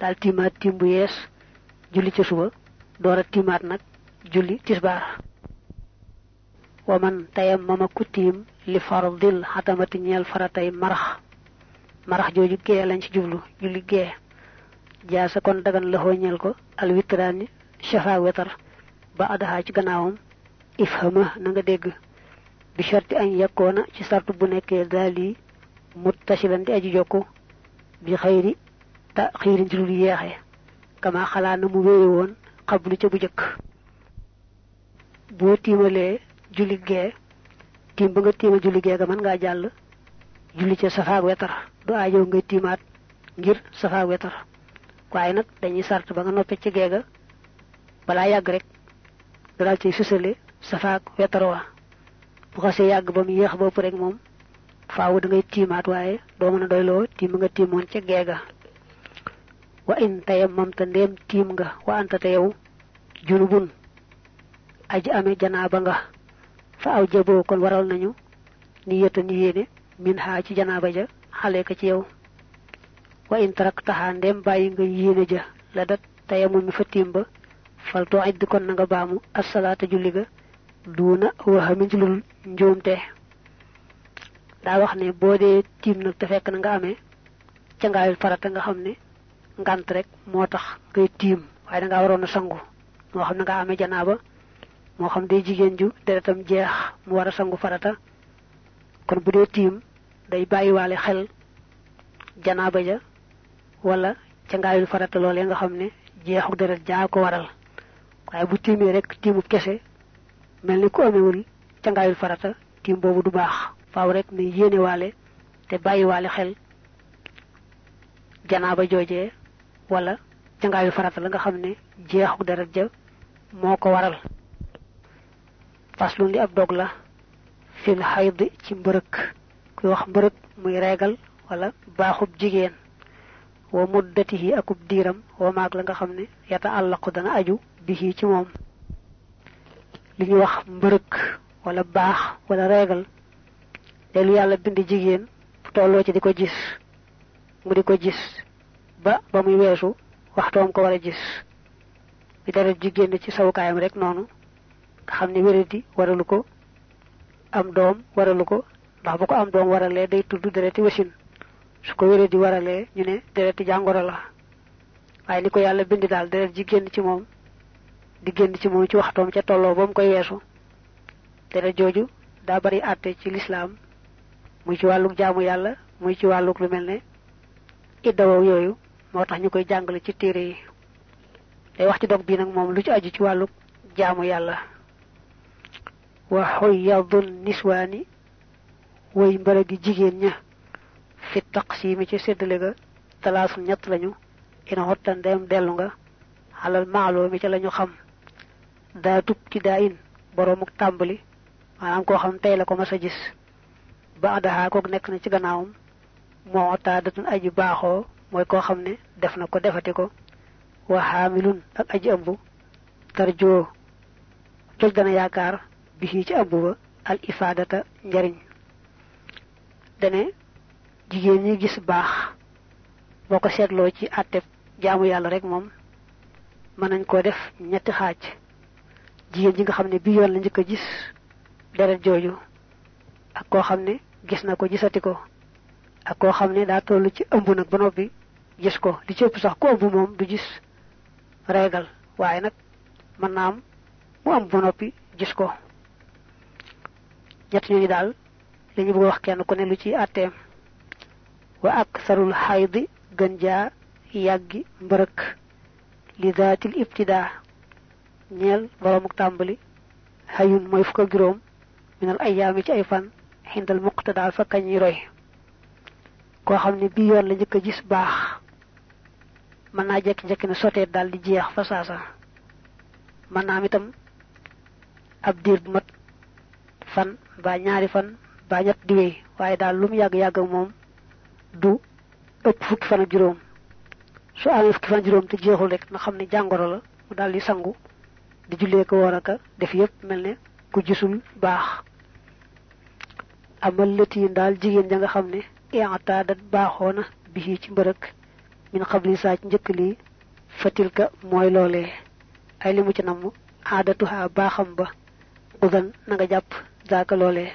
daal tiimaat tiim bu yees julli ca suba door tiimaat nag julli tisbaar wa man tayam mama ku tiim li fardil xatamati ñeel faratay marax marax jooju gee lañ ci jublu julli gee jaasa kon dagan la xooñeel ko al witraani shafa wetar ba adaxaa ci gannaawam ifhama na nga dégg bi sharti añ yakkoona ci sartu bu nekkee daal yi muttasilan di aji jokku bi xayri ta xiirin ci lu yeexee kama xalaa na mu wéye woon xablu ca bu jëkk boo tiimalee julli gee tiim ba nga tiima julli gee ga mën ngaa jàll julli ca safaak wetar du aajow ngay tiimaat ngir safaak wetar waaye nag dañuy sart ba nga noppee ci gee ga balaa yàgg rek daal ciy fësale safaak wetar wa bu xasee yàgg ba mu yéex ba ëpp rek moom faaw da tiimaat waaye doo mën a doyloo tiim nga tiimoon ca geega wa in tayammam te ndéem tiim nga wa anta te yow junubun aji ame janaaba nga fa aw jaboo kon waral nañu ni yeta ni yéene xaa ci janaaba ja xale ka ci yow wa in tarak taxaa ndéem bàyyi nga yéene ja la dat tayammum fa tiim ba fal too idd kon na nga baamu asalaata julli ga duuna waxamin ci njuumte daa wax ne boo dee tiim nag te fekk na nga ame cangaayul farata nga xam ne ngant rek moo tax ngay tiim waaye danga waroon a sangu moo xam ne nga ame janaaba moo xam day jigéen ju deretam jeex mu war a sangu farata kon bu dee tiim day bàyyiwaale xel janaaba ja wala cangaayul farata loolee nga xam ne jeexu deret jaa ko waral waaye bu tiimee rek tiimu kese mel ni ku amewul cangaayul farata tiim boobu du baax faaw rek na yéenewaale te bàyyiwaale xel janaaba jooje wala cangaayul farata la nga xam ne jeexu deret ja moo ko waral faslu di ab dog la fil xayd ci mbërëk kuy wax mbërëk muy reegal wala baaxub jigéen wa yi akub diiram wa maag la nga xam ne yata àllaqu dana aju bihi ci moom li ñuy wax mbërëk wala baax wala régal lu yàlla bind jigéen bu tolloo ci di ko gis mu di ko gis ba ba muy weesu waxtoom ko war a gis bi dara jigéen ci sawukaayam rek noonu nga xam ne wéradi waralu ko am doom waralu ko ndax bu ko am doom waralee day tudd dereti wasin su ko wéradi waralee ñu ne dereti jàngoro la waaye li ko yàlla bind daal deret jigéen ci moom di génn ci moom ci waxtoom ca tolloo ba mu koy weesu tere jooju daa bari àtte ci lislaam muy ci wàlluk jaamu yàlla muy ci wàlluk lu mel ne iddawow yooyu moo tax ñu koy jàngale ci téere yi day wax ci dog bii nag moom lu ci aju ci wàlluk jaamu yàlla wa xoyadun niswaani woy mbërë gi jigéen ña fi taqsimi ci séddale ga talaasul ñett lañu ina xottan dellu nga xalal maaloo ca lañu xam daa tubtidaa in boroomuk tàmbali maanaam koo xam tey la ko mas a gis baadaha kook nekk na ci gannaawam moo taadatun aji baaxoo mooy koo xam ne def na ko defati ko wa xaamilun ak aji ëmb tarjoo joj dana yaakaar bi ci ëmb ba al njariñ dane jigéen ñi gis baax boo ko seetloo ci àtteb jaamu yàlla rek moom mën nañ koo def ñetti xaaj jigéen ji nga xam ne bi yoon la njëkk a gis deret jooju ak koo xam ne gis na ko gisati ko ak koo xam ne daa toll ci ëmb nag ba noppi gis ko li ci ëpp sax ku ëmb moom du gis reegal waaye nag mën naa am mu ëmb ba noppi gis ko ñett ñooñu daal li ñu wax kenn ku ne lu ci àtteem wa aktharul xaydi gën jaa yàggi mbërëk li daatil ibtidaa ñeel boroomu tàmbali xayun mooy fukk ak juróom minal ayaami ci ay fan xindal muqtadaa fa kañuy roy koo xam ne bii yoon la njëkk a gis baax mën naa jekki-jekki ne sotee daal di jeex fa saasa mën naa am itam ab diir bu mat fan mbaa ñaari fan mbaa ñett di wéy waaye daal lu mu yàgg-yàgg moom du ëpp fukki fan juróom su amee fukki fan ak juróom te jeexul rek na xam ne jàngoro la mu daal di sangu di jullee ko def yépp mel ne ku gisul baax amal lëtiin daal jigéen ja nga xam ne intaadat baaxoona bi ci mbërëg min xabli saa ci njëkk lii fatilka mooy loole ay li ci namm aadatuha baaxam ba udan na nga jàpp zaaka loolee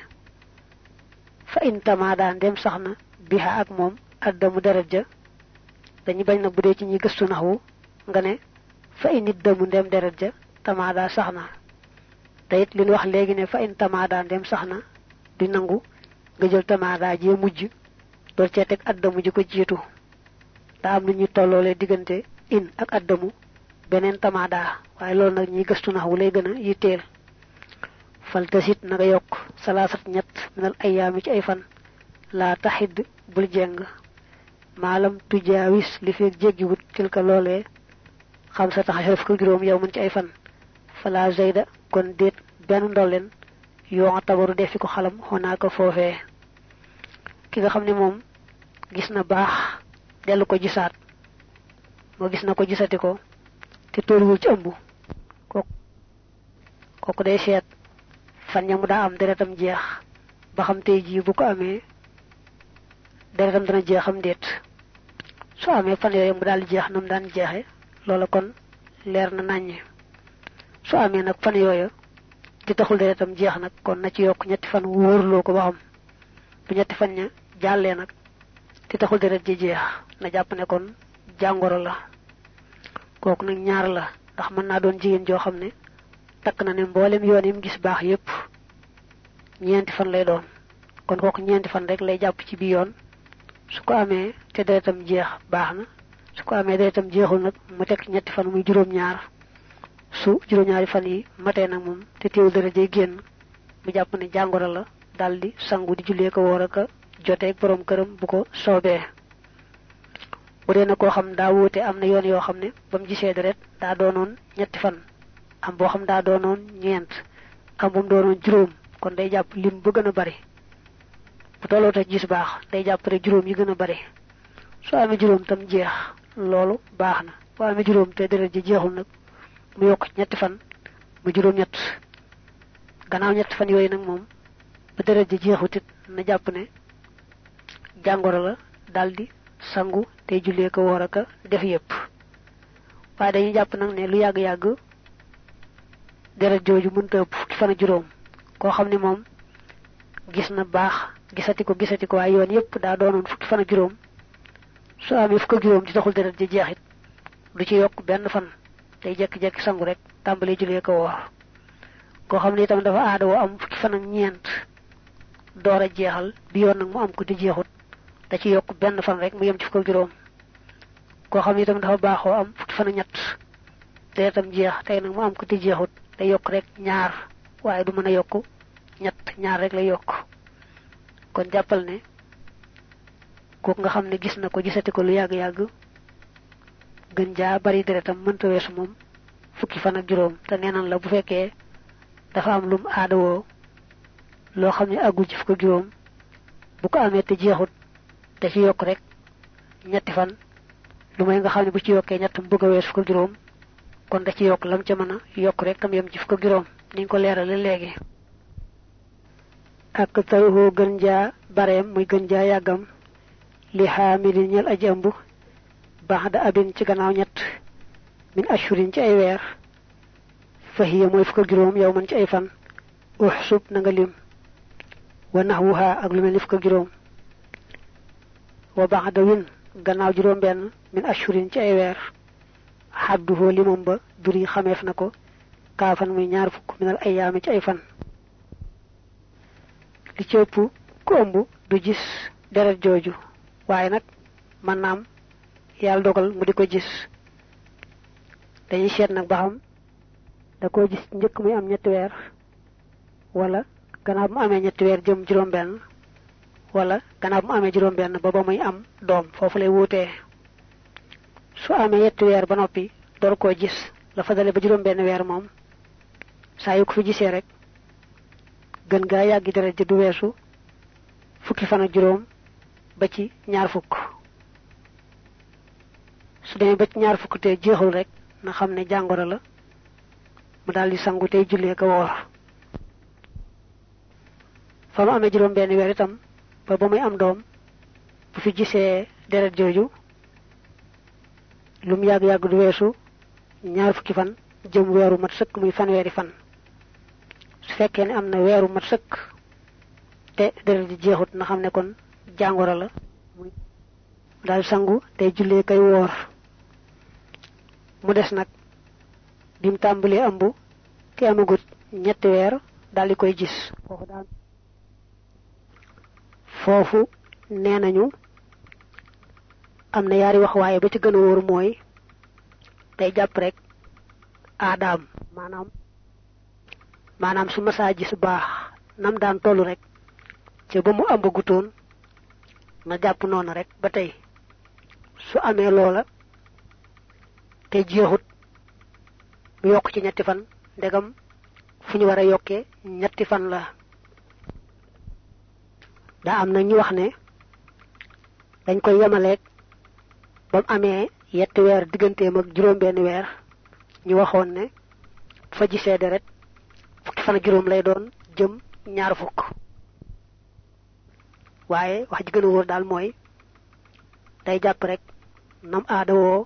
fa in tamaada ndem sax na biha ak moom addamu deret ja dañu bañ na bu dee ci ñi gëstu naxwu nga ne fa in damu ndem deret ja tamaada sax na te it wax léegi ne fa in tamaada ndem sax na di nangu nga jël tamaada jee mujj door cee teg addamu ji ko jiitu daa am lu ñuy tolloole diggante in ak addamu beneen tamaada waaye loolu nag ñi gëstu nax wu lay gën a yitteel faltasit na yokk salaasat ñett minal ayaami ci ay fan laa taxid bul jeng maalam tujaawis li feeg jéggiwut tilka loolee xam sa tax a juróom yow mën ci ay fan fala zayda kon déet benn ndolleen yoo tabaru defi ko xalam xonaa nga xam ne moom gis na baax dellu ko gisaat moo gis na ko gisati ko te tóoruwul ci ëmb ko kooku day seet fan ñamu daa am deretam jeex ba xam tey jii bu ko amee deretam dana jeexam déet su amee fan yooyu mu daal jeex nam mu daan jeexe loola kon leer na nàññi su amee nag fan yooya di taxul deretam jeex nag kon na ci yokk ñetti fan wóorloo ko ba am fan ña jàllee nag di taxul deret ji jeex na jàpp ne kon jàngoro la kooku nag ñaar la ndax mën naa doon jigéen joo xam ne takk na ne mboolem yoon yi mu gis baax yépp ñeenti fan lay doon kon kooku ñeenti fan rek lay jàpp ci bii yoon su ko amee te deretam jeex baax na su ko amee deretam jeexul nag mu teg ñetti fan muy juróom-ñaar su juróom-ñaari fan yi matee nag moom te teew dara jay génn mu jàpp ne jàngoro la daldi sangu di jullee ko woor ak a joteeg borom këram bu ko soobee bu dee na koo xam daa wuute am na yoon yoo xam ne ba mu gisee deret daa doonoon ñetti fan am boo xam daa doonoon ñeent am bu mu doonoon juróom kon day jàpp lim bu gën a bari bu tolloo te gis baax day jàpp juróom yi gën a bari soo amee juróom tam jeex loolu baax na boo amee juróom te deret ji jeexul mu yokk ñetti fan mu juróom ñett gannaaw ñetti fan yooyu nag moom ba deret ji jeexutit na jàpp ne jàngoro la daldi sangu tey jullee ko a aka def yépp waaye dañuy jàpp nag ne lu yàgg yàgg deret jooju mënta ëpp fukki fan a juróom koo xam ne moom gis na baax gisati ko gisati ko waaye yoon yépp daa doonoon fukki fan a juróom su amee fukk a juróom ci taxul deret ji jeexit du ci yokk benn fan tey jekki-jekki sangu rek tàmbali jullee ko woor koo xam ne itam dafa aada woo am fukki fan ñeent door a jeexal bi yoon nag mu am ko di jeexut da ci yokk benn fan rek mu yem ci ko juróom koo xam ne itam dafa baaxoo am fukki fan ñett te itam jeex tey nag mu am ko di jeexut day yokk rek ñaar waaye du mën a yokk ñett ñaar rek lay yokk kon jàppal ne kooku nga xam ne gis na ko gisati ko lu yàgg-yàgg gën jaa bari deretam mënta weesu moom fukki fan ak juróom te neenan la bu fekkee dafa am lum aadawoo loo xam ne àggul ci fukki juróom bu ko amee te jeexut te ci yokk rek ñetti fan lu may nga xam ne bu ci yokkee ñett mu bëgg a weesu fukki juróom kon da ci yokk lam ca mën a yokk rek tam yem ci fukki juróom niñ ko leerale léegi ak taruhoo muy gën jaa yàggam li xaamili ñel aji da abin ci gannaaw ñett min ashurin ci ay weer fahiya mooy fukk ak juróom yow man ci ay fan uxsub na nga lim wa naxwuha ak lu mel ni fukk ak juróom wa ba'da win gannaaw juróom benn min ashurin ci ay weer xadduhoo limam ba duri xameef na ko kaafan muy ñaar fukk minal ayaami ci ay fan li ci ëpp ku ëmb du gis deret jooju waaye nag mën naam yàlla dogal mu di ko gis dañuy seet nag ba xam da koo gis njëkk muy am ñetti weer wala gannaaw bu mu amee ñetti weer jëm juróom-benn wala gannaaw bu mu amee juróom-benn ba ba muy am doom foofu lay wuutee su amee ñetti weer ba noppi door koo gis la fa dale ba juróom-benn weer moom saa yu fi gisee rek gën gaa yàggi deret ji du weesu fukki fan juróom ba ci ñaar fukk su demee ba ñaar fukk tee jeexul rek na xam ne jàngoro la mu daal di sangu tey jullee ko woor fa mu amee juróom benn weer itam ba ba muy am doom bu fi gisee deret jooju lu yàgg-yàgg du weesu ñaar fukki fan jëm weeru mat sëkk muy fanweeri fan su fekkee ne am na weeru mat sëkk te deret ji jeexut na xam ne kon jàngoro la daal sangu tey jullee kay woor mu des nag bim tàmbali ëmb te amagut ñetti weer daal di koy gis foofu daal foofu nee nañu am na yaari wax waaye ba ci gën a wóor mooy tey jàpp rek aadaam maanaam maanaam su masaa gis baax nam daan tollu rek ci ba mu ëmbagutoon na jàpp noonu rek ba tey su amee loola te jeexut mu yokk ci ñetti fan ndegam fu ñu war yokkee ñetti fan la daa am na ñu wax ne dañ koy yemaleeg ba mu amee yetti weer digganteem ak juróom-benn weer ñu waxoon ne bu fa gisee deret fukki fan juróom lay doon jëm ñaar fukk waaye wax ji wóor daal mooy day jàpp rekk nam aada woo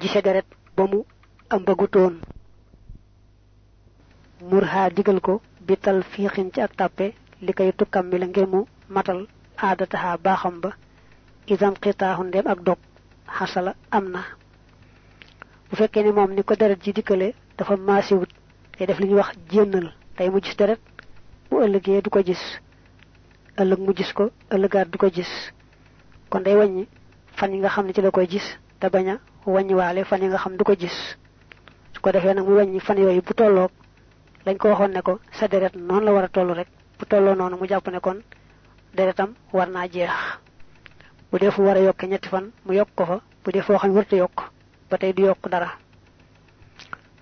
ji sigaret ba mu ëmbagutoon murha digal ko bital fiixin ci ak tàppe li koy tukkam mi la ngir mu matal aadataha baaxam ba isam xitaaxu ndem ak dog xasala am na bu fekkee ne moom ni ko deret ji dikkale dafa maasiwut day def li ñuy wax jénnal tey mu gis deret bu ëllëgee du ko gis ëllëg mu gis ko ëllëgaat du ko jis kon day wàññi fan yi nga xam ne ci la koy gis te baña wàññiwaale fan yi nga xam du ko gis su ko defee nag mu wàññi fan yooyu bu tolloog lañ ko waxoon ne ko sa deret noonu la war a toll rek bu tolloo noonu mu jàpp nekkoon kon deretam war naa jeex bu dee fu war a yokkee ñetti fan mu yokk ko fa bu dee foo xam warta yokk ba tey du yokk dara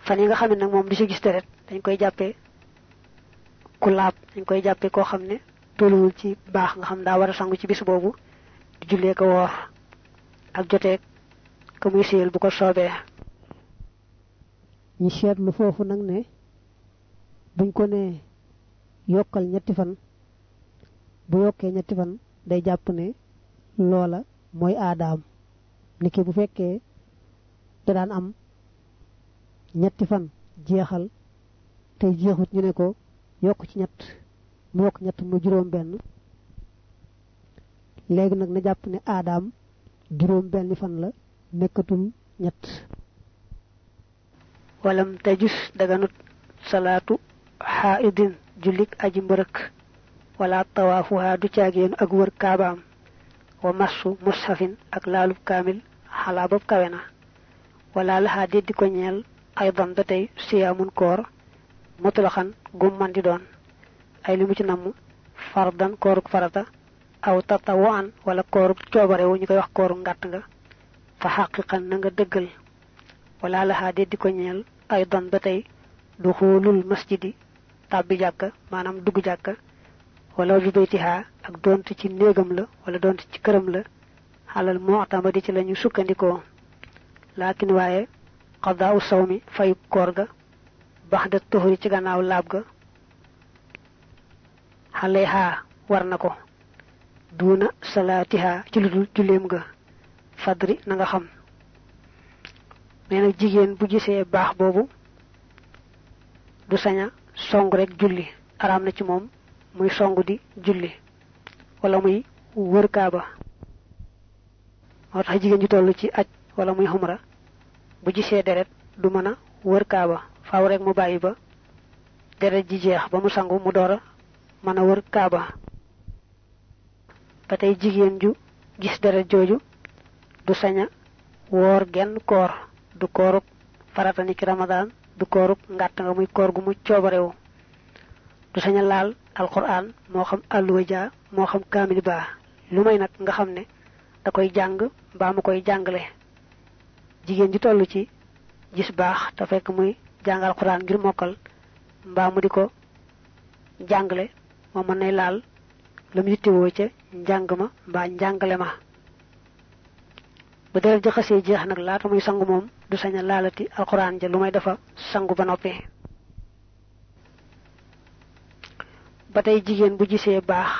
fan yi nga xam ne nag moom du ci gis deret dañ koy jàppee ku laab dañ koy jàppee koo xam ne tolluwul ci baax nga xam daa war a sangu ci bis boobu di jullee ko ak ka muy sëyal bu ko soobee ñu seetlu foofu nag ne buñ ko nee yokkal ñetti fan bu yokkee ñetti fan day jàpp ne loola mooy aadaam ni ki bu fekkee da daan am ñetti fan jeexal tey jeexut ñu ne ko yokk ci ñett mu yokk ñett mu juróom benn léegi nag na jàpp ne aadaam juróom benn fan la nekkatum ñett walam tajus daganut salaatu xaaidin jullik aji mbërëk wala tawaafuha du caageen ak wër kaabaam wa massu mushafin ak laalub kaamil xalaa bopp kawe na wala laxaa déddi ko ñeel aydan ba tey siyaamun koor mutlaxan gum man di doon ay li ci namm fardan kooruk farata aw tatawaan wala kooruk coobare ñu koy wax kooru ngàtt nga fa xaqiqan na nga dëggal wala laxaa de di ko ñeel ay don ba tey du xoolul masjidi tàbbi jàkka maanaam dugg jàkka wala bi baytihaa ak dont ci néegam la wala dont ci këram la xalal moo di ci lañuy sukkandikoo lakin waaye xadaa u saw mi fayu koor ga bax da toxori ci gannaaw laab ga xale xaa war na ko duuna salaatiha ci ludul julleem ga fadri na nga xam nee na jigéen bu gisee baax boobu du saña song rek julli araam na ci moom muy song di julli wala muy wër kaaba moo tax jigéen ju toll ci aj wala muy xumra bu gisee deret du mën a wër kaaba faaw rek mu bàyyi ba deret ji jeex ba mu sangu mu door a mën a wër kaaba ba tey jigéen ju gis deret jooju du saña woor genn koor du koorug farata ni du koorug ngàtt nga muy koor gu mu coobarewu du saña laal alquran moo xam àlluwaja moo xam kaamil lu may nag nga xam ne da koy jàng mbaa mu koy jàngale jigéen ji toll ci gis baax te fekk muy jàng alquran ngir mokkal mbaa mu di ko jàngale moom mën nay laal la mu yittewoo ca njàng ma mbaa njàngale ma bu deret ja jeex nag laata muy sangu moom du sañ a laalati alxuraan ja lu may dafa sangu ba noppi ba tey jigéen bu jisee baax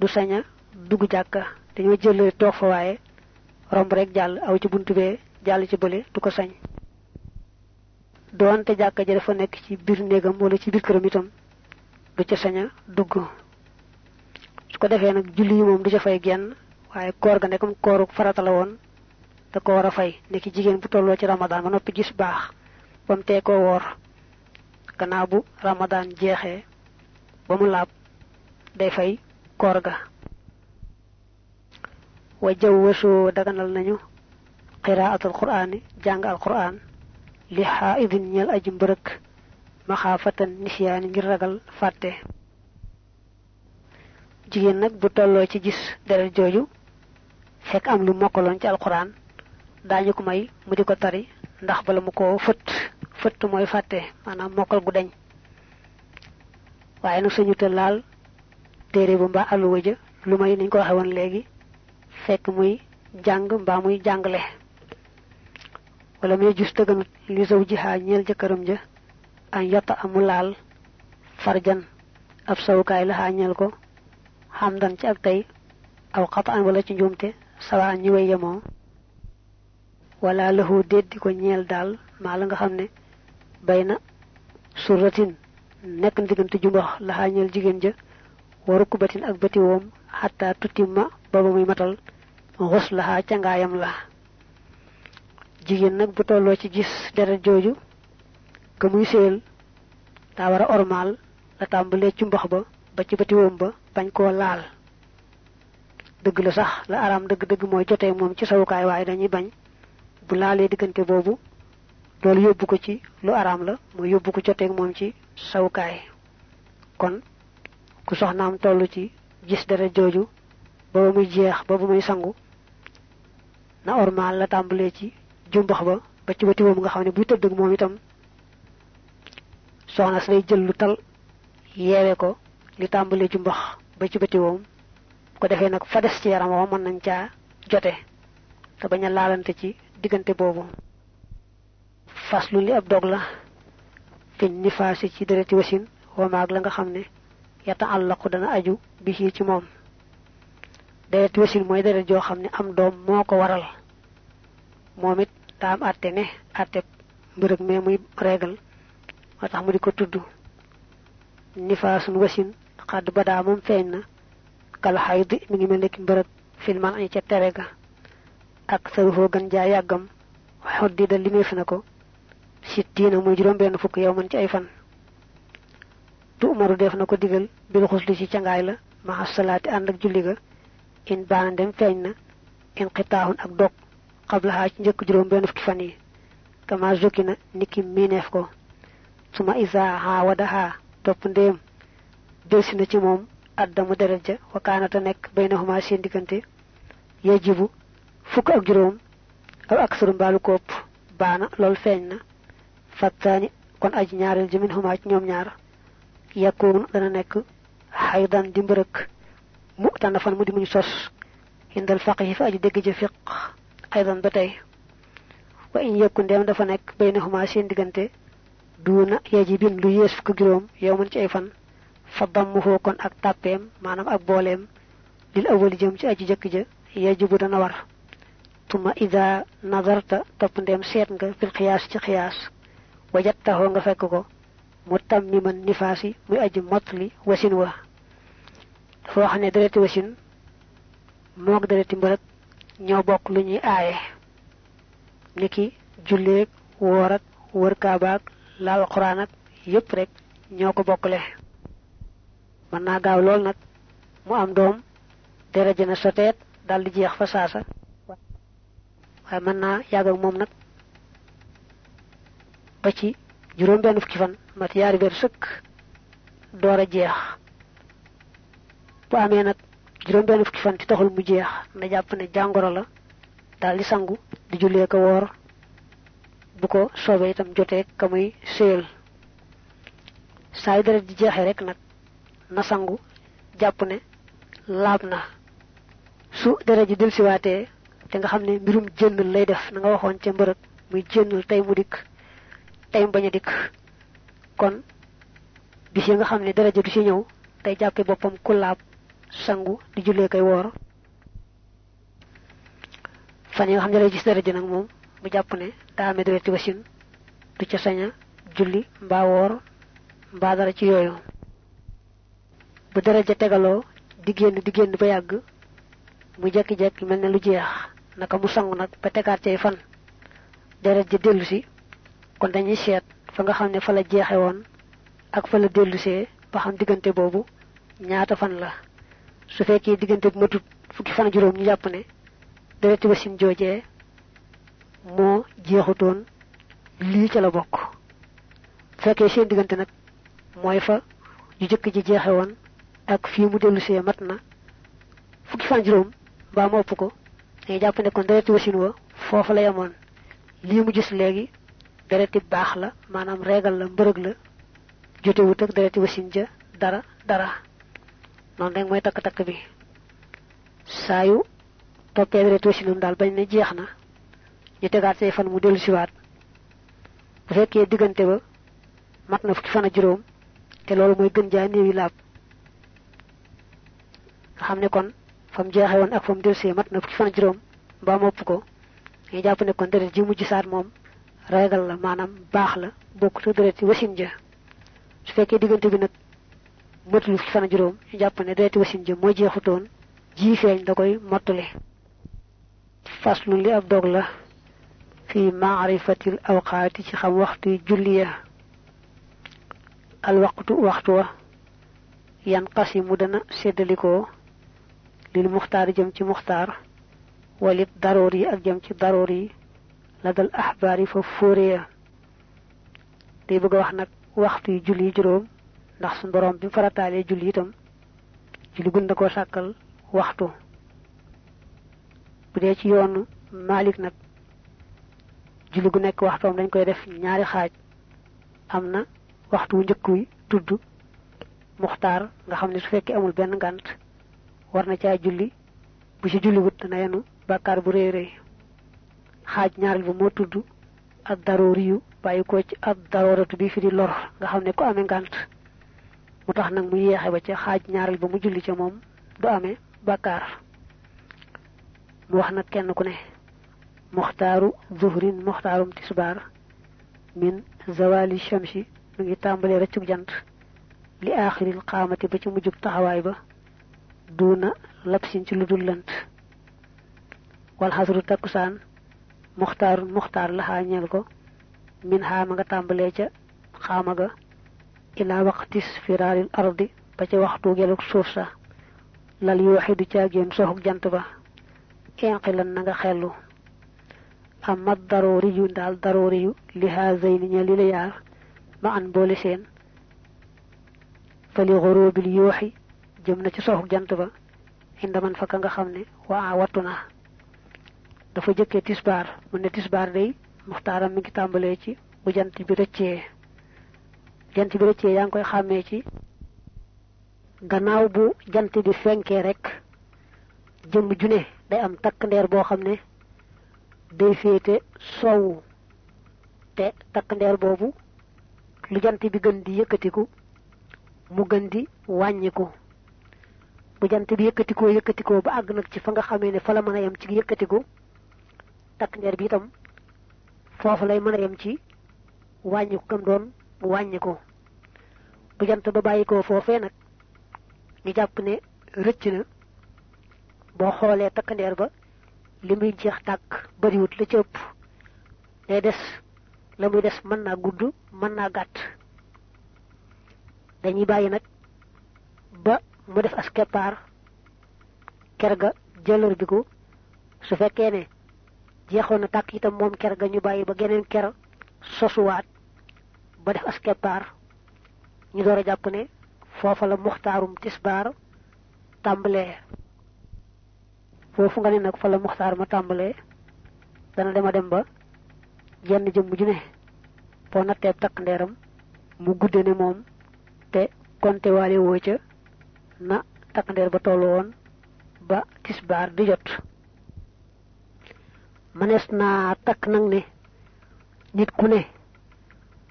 du sañ dugg jàkka dañoo jël toog fa waaye romb rek jàll aw ci buntu bee jàll ci bële du ko sañ doonte jàkka ja dafa nekk ci biir néegam wala ci biir këram itam du ca sañ a dugg su ko defee nag julli yi moom du ca fay genn waaye koor ga nekkum kooru farata la woon te ko war a fay niki jigéen bu tolloo ci ramadan ba noppi gis baax ba mu tee koo woor gannaaw bu ramadan jeexee ba mu laab day fay koor ga wa jaw wasoo daganal nañu qiraatul quraani jàng al quraan li xaa idin ñeel aji mbërëg maxaafatan nisyaani ngir ragal fàtte jigéen nag bu tolloo ci gis deret jooju fekk am lu mokkaloon ci alquran daañu ko may mu di ko tari ndax bala mu ko fëtt fëtt mooy fàtte maanaam mokkal gu deñ waaye nag suñu te laal téere bu mbaa àlluwa ja lu may niñ ko waxe léegi fekk muy jàng mbaa muy jàngale walla muy gis tëgganut li saw jihaa ñeel jëkkëram ja an yotta amu laal farjan ab sawukaay la xaañeel ko xamdan ci ak tey aw xata an wala ci njuumte sawa an ñu way yemoo wala lëxu déddi ko ñeel daal maa la nga xam ne bay na suratin nekk na jumbax laxaa ñeel jigéen ja waruku batin ak bati woom xataa tutimma ba ba muy matal xos laxaa cangaayam la jigéen nag bu tolloo ci gis deret jooju ka muy séel daa war a ormaal la tàmbalee ci ba ba ci bati woom ba bañ koo laal dëgg la sax la araam dëgg-dëgg mooy jotee moom ci sawukaay waaye dañuy bañ bu laalee diggante boobu loolu yóbbu ko ci lu araam la mooy yóbbu ko joteeg moom ci sawukaay kon ku soxnaam tollu ci gis dara jooju ba ba muy jeex ba ba muy sangu na ormaal la tàmbalee ci jumbax ba ba ci bati boobu nga xam ne buy tëdd moom itam soxna si jël lu tal ko li tàmbalee jumbax ba ci bati woom ko defee nag fa des ci yaram wa mën nañ caa jote te bañ a laalante ci diggante boobu fas faslu li ab dog la fi nifaasi ci dereti wasin wamaag la nga xam ne yata àllaqu dana aju bi sii ci moom dereti wasin mooy deret joo xam ne am doom moo ko waral moom it daa am àtte ne àtte mbërëg mais muy régal moo tax mu di ko tudd nifaasun wasin xadd ba daa moom feeñ na kala xayd mi ngi mel ni ki mbërëg filman añ ca tere ga ak saruhoo gën jaa yàggam waxut di da limeef na ko sittiina muy fukk yow man ci ay fan tu umaru def na ko digal bil xusli ci cangaay la ma salaati ànd ak julli ga in baana dem feeñ na in xitaaxun ak dog xablaxaa ci njëkk juróom benn fukki fan yi kama zukki na niki miineef ko suma isaa xaa wadaxaa topp ndéem delsi na ci moom addamu deret ja wakkaanata nekk baynahuma seen diggante yajibu fukk ak juróom aw aksaru mbaalu ko ëpp baana loolu feeñ na fattaani kon aji ñaareel ji xumaa ci ñoom ñaar yakkoon dana nekk xaydan di mbërëk mu tànn mu di muñ sos indal faqih fa aji dégg ji fiq aydan ba tey wa in yëkku ndeem dafa nekk bayna xumaa seen diggante duuna yajibin lu yées fukk juróom yow mën ci ay fan fa dammuhoo kon ak tàppeem maanaam ak booleem lil awali jëm ci aji jëkk ja yajibu dana war tuma ida nazarta topp ndeem seet nga fil xiyaas ci xiyaas wajattaxoo nga fekk ko mu tam mi man muy aji mottali wasin wa dafa wax ne dereti wasin moog dereti mbërëg ñoo bokk lu ñuy aaye niki julleeg woor wër kaabaag laawa xuraan yépp rek ñoo ko bokkule mën naa gaaw lool nag mu am doom deraja na soteet daldi jeex fa saasa waaye mën naa yàgg moom nag ba ci juróom benn fukki fan mat yaari weer sëkk door a jeex bu amee nag juróom benn fukki fan ci taxul mu jeex na jàpp ne jàngoro la daal di sangu di jullee ko woor bu ko soobee itam jotee ka muy saa yu deret di jeexee rek nag na sangu jàpp ne laab na su deret ji delsiwaatee te nga xam ne mbirum jënnul lay def na waxoon ca mbërëg muy jënnul tey mu dikk tey mu dikk kon bis yi nga xam ne daraja du ci ñëw tey jàppe boppam ku sangu di jullee koy woor fan yi nga xam ne lay gis daraja nag moom mu jàpp ne daa amee doyati wasin du ca sañ a julli mbaa woor mbaa dara ci yooyu bu daraja tegaloo di génn di génn ba yàgg mu jekki-jekki mel ne lu jeex naka mu sangu nag ba tegaat cay fan deret ji dellu kon dañuy seet fa nga xam ne fa la jeexe woon ak fa la dellusee ba xam diggante boobu ñaata fan la su fekkee diggante bi matut fukki fan juróom ñu jàpp ne dereti wasin joojee moo jeexutoon lii ca la bokk bu fekkee seen diggante nag mooy fa yu jëkk ji jeexe woon ak fii mu dellusee mat na fukki fan juróom mbaa mu ëpp ko dañuy jàpp ne kon dereti wasin wa foofu lay amoon lii mu gis léegi dereti baax la maanaam reegal la mbërëg la jotewut ak dereti wasin ja dara dara noonu rek mooy takk-takk bi saa yu toppee dereti wasinam daal bañ ne jeex na ñu tegaat say fan mu dellu siwaat bu fekkee diggante ba mat na fukki fan a juróom te loolu mooy gën jaay néewi laab nga xam ne kon fa jeexe woon ak fa mu delsee mat na fukki fan juróom mbaa mopp ko ñu jàpp ne kon deret ji mujj saat moom reegal la maanaam baax la bokk te dereti wasin ja su fekkee diggante bi nag matul fukki fan juróom ñu jàpp ne dereti ja moo jeexutoon jii feeñ da koy mottali faslu li ab dog la fi maarifatil awqaati ci xam waxtu julli ya al waxtu wa yan qasimu dana séddalikoo lil muxtaar jëm ci muxtaar walit daroor yi ak jëm ci daroor yi la dal axbaar yi fa fóoreya day bëgg a wax nag waxtu yu julli juróom ndax su borom bi mu farataalee julli itam julli koo sàkkal waxtu bu ci yoonu nag julli gu nekk waxtoom dañ koy def ñaari xaaj am na waxtu wu njëkk wi tudd muxtaar nga xam ne su fekkee amul benn ngànt war na caa julli bu ci julli wut na yenu bàkkaar bu rëy rëy xaaj ñaareel ba moo tudd ak daroori yu bàyyi ko ci ab darooratu bi fi di lor nga xam ne ko amee ngànt mu tax nag mu yeexe ba ca xaaj ñaareel ba mu julli ca moom du amee bàkkaar mu wax na kenn ku ne muxtaaru zuhrin muxtaarum tisbaar min zawali shamsi mu ngi tàmbalee rëccug jant li aaxiril xaamati ba ci mujjub taxawaay ba duuna labsin ci lu dul lënt wal xasru takkusaan muxtaarun muxtaar la xaañeel ko min xaama nga tàmbalee ca xaama ga ilaa waxtis firaaril waxtu gelug suuf sa lal yu waxidu caagéen soxuk jant ba inqilan na nga xellu amma daroori yu daal daroori yu li haazayni ña li la yaar ma an boole seen fali xoroobil yuuxi jëm na ci soxub jant ba inda man nga xam ne waa wattu naa dafa jëkkee tisbaar mu ne tisbaar day muxtaaram mi ngi tàmbalee ci bu jant bi rëccee jant bi rëccee yaa ngi koy xàmmee ci gannaaw bu jant bi fenkee rek jëm ju ne day am takk ndeer boo xam ne day féete soowu te takk ndeer boobu lu jant bi gën di yëkkatiku mu gën di wàññiku bu jant bi yëkkatikoo yëkkatikoo ba àgg nag ci fa nga xamee ne fa la mën a yem ci yëkkatiku takk ndeer bi itam foofu lay mën a yem ci wàññi kam doon mu wàññi ko bu jant ba bàyyi ko foofee nag ñu jàpp ne rëcc na boo xoolee takk ndeer ba li muy jeex tàkk bariwut la ci ëpp day des la muy des mën naa gudd mën naa gàtt dañuy bàyyi nag ba mu def as keppaar ker ga jëlër bi ko su fekkee ne jeexoon na tàkk itam moom ker ga ñu bàyyi ba geneen ker sosuwaat ba def as keppaar ñu door a jàpp ne foofa la muxtaarum tisbaar tàmbalee foofu nga ne nag fa la muxtaar ma tàmbalee dana dema dem ba jenn jëmm ju ne boo nattee takk ndeeram mu gudde ne moom te konte waale woo ca na takkandeer ba tollu woon ba tisbaar di jot mënees naa takk nag ne nit ku ne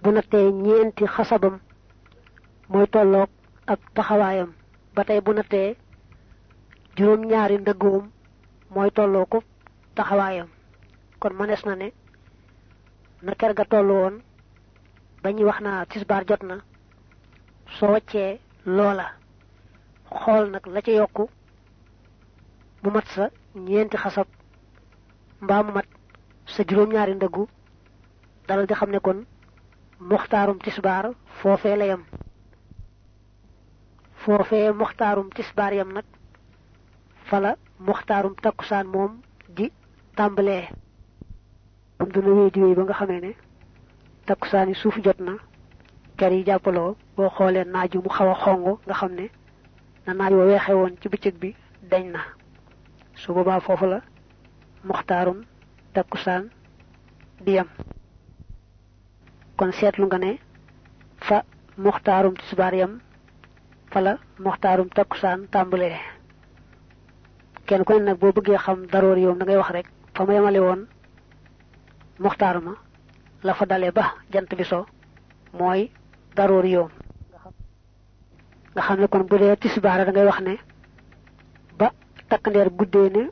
bu nattee ñeenti xasabam mooy tolloog ak taxawaayam ba tey bu nattee juróom-ñaari ndëggoom mooy tolloo ko taxawaayam kon mënees na ne na ker ga toll woon ba ñuy wax naa tisbaar jot na soo waccee loola xool nag la ca yokku mu mat sa ñeenti xasab mbaa mu mat sa juróom-ñaari ndëggu dalal di xam ne kon muxtaarum tisbaar foofee la yem foofee muxtaarum tisbaar yam nag fala muxtaarum takkusaan moom di tàmbalee moom dana wéy di wéy ba nga xamee ne takkusaan yi suuf jot na ker yi jàppaloo boo xoolee naaj mu xaw a xong nga xam ne nanaaj wa weexe woon ci bëccëg bi dañ na su boobaa foofu la muxtaarum takkusaan di yam kon seetlu nga ne fa muxtaarum tisbaar yam fa la muxtaarum takkusaan tàmbalee kenn ku ne nag boo bëggee xam daroor yoom da ngay wax rek fa ma yemale woon muxtaaruma la fa dalee ba jant bi so mooy daroor yoom nga xam ne kon bu dee tisbaar da ngay wax ne ba takk ndeer guddee ne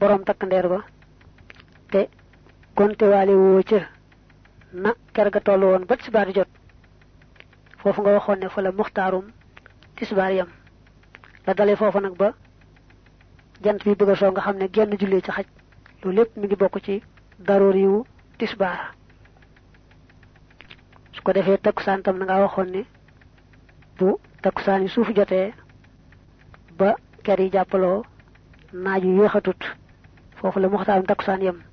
boroom takk ndeer ba te konte woo ca na ker ga toll woon ba tisbaar di jot foofu nga waxoon ne fa la muxtaarum tisbaar yam la dalee foofa nag ba jant bi bëgg a soo nga xam ne genn jullee ci xaj loolu lépp mi ngi bokk ci daroor yiwu su ko defee takkusaan santam na waxoon ne bu takkusaan yu suuf jotee ba ker yi jàppaloo naaj yu yéexatut foofu la muxtaaram takkusaan yem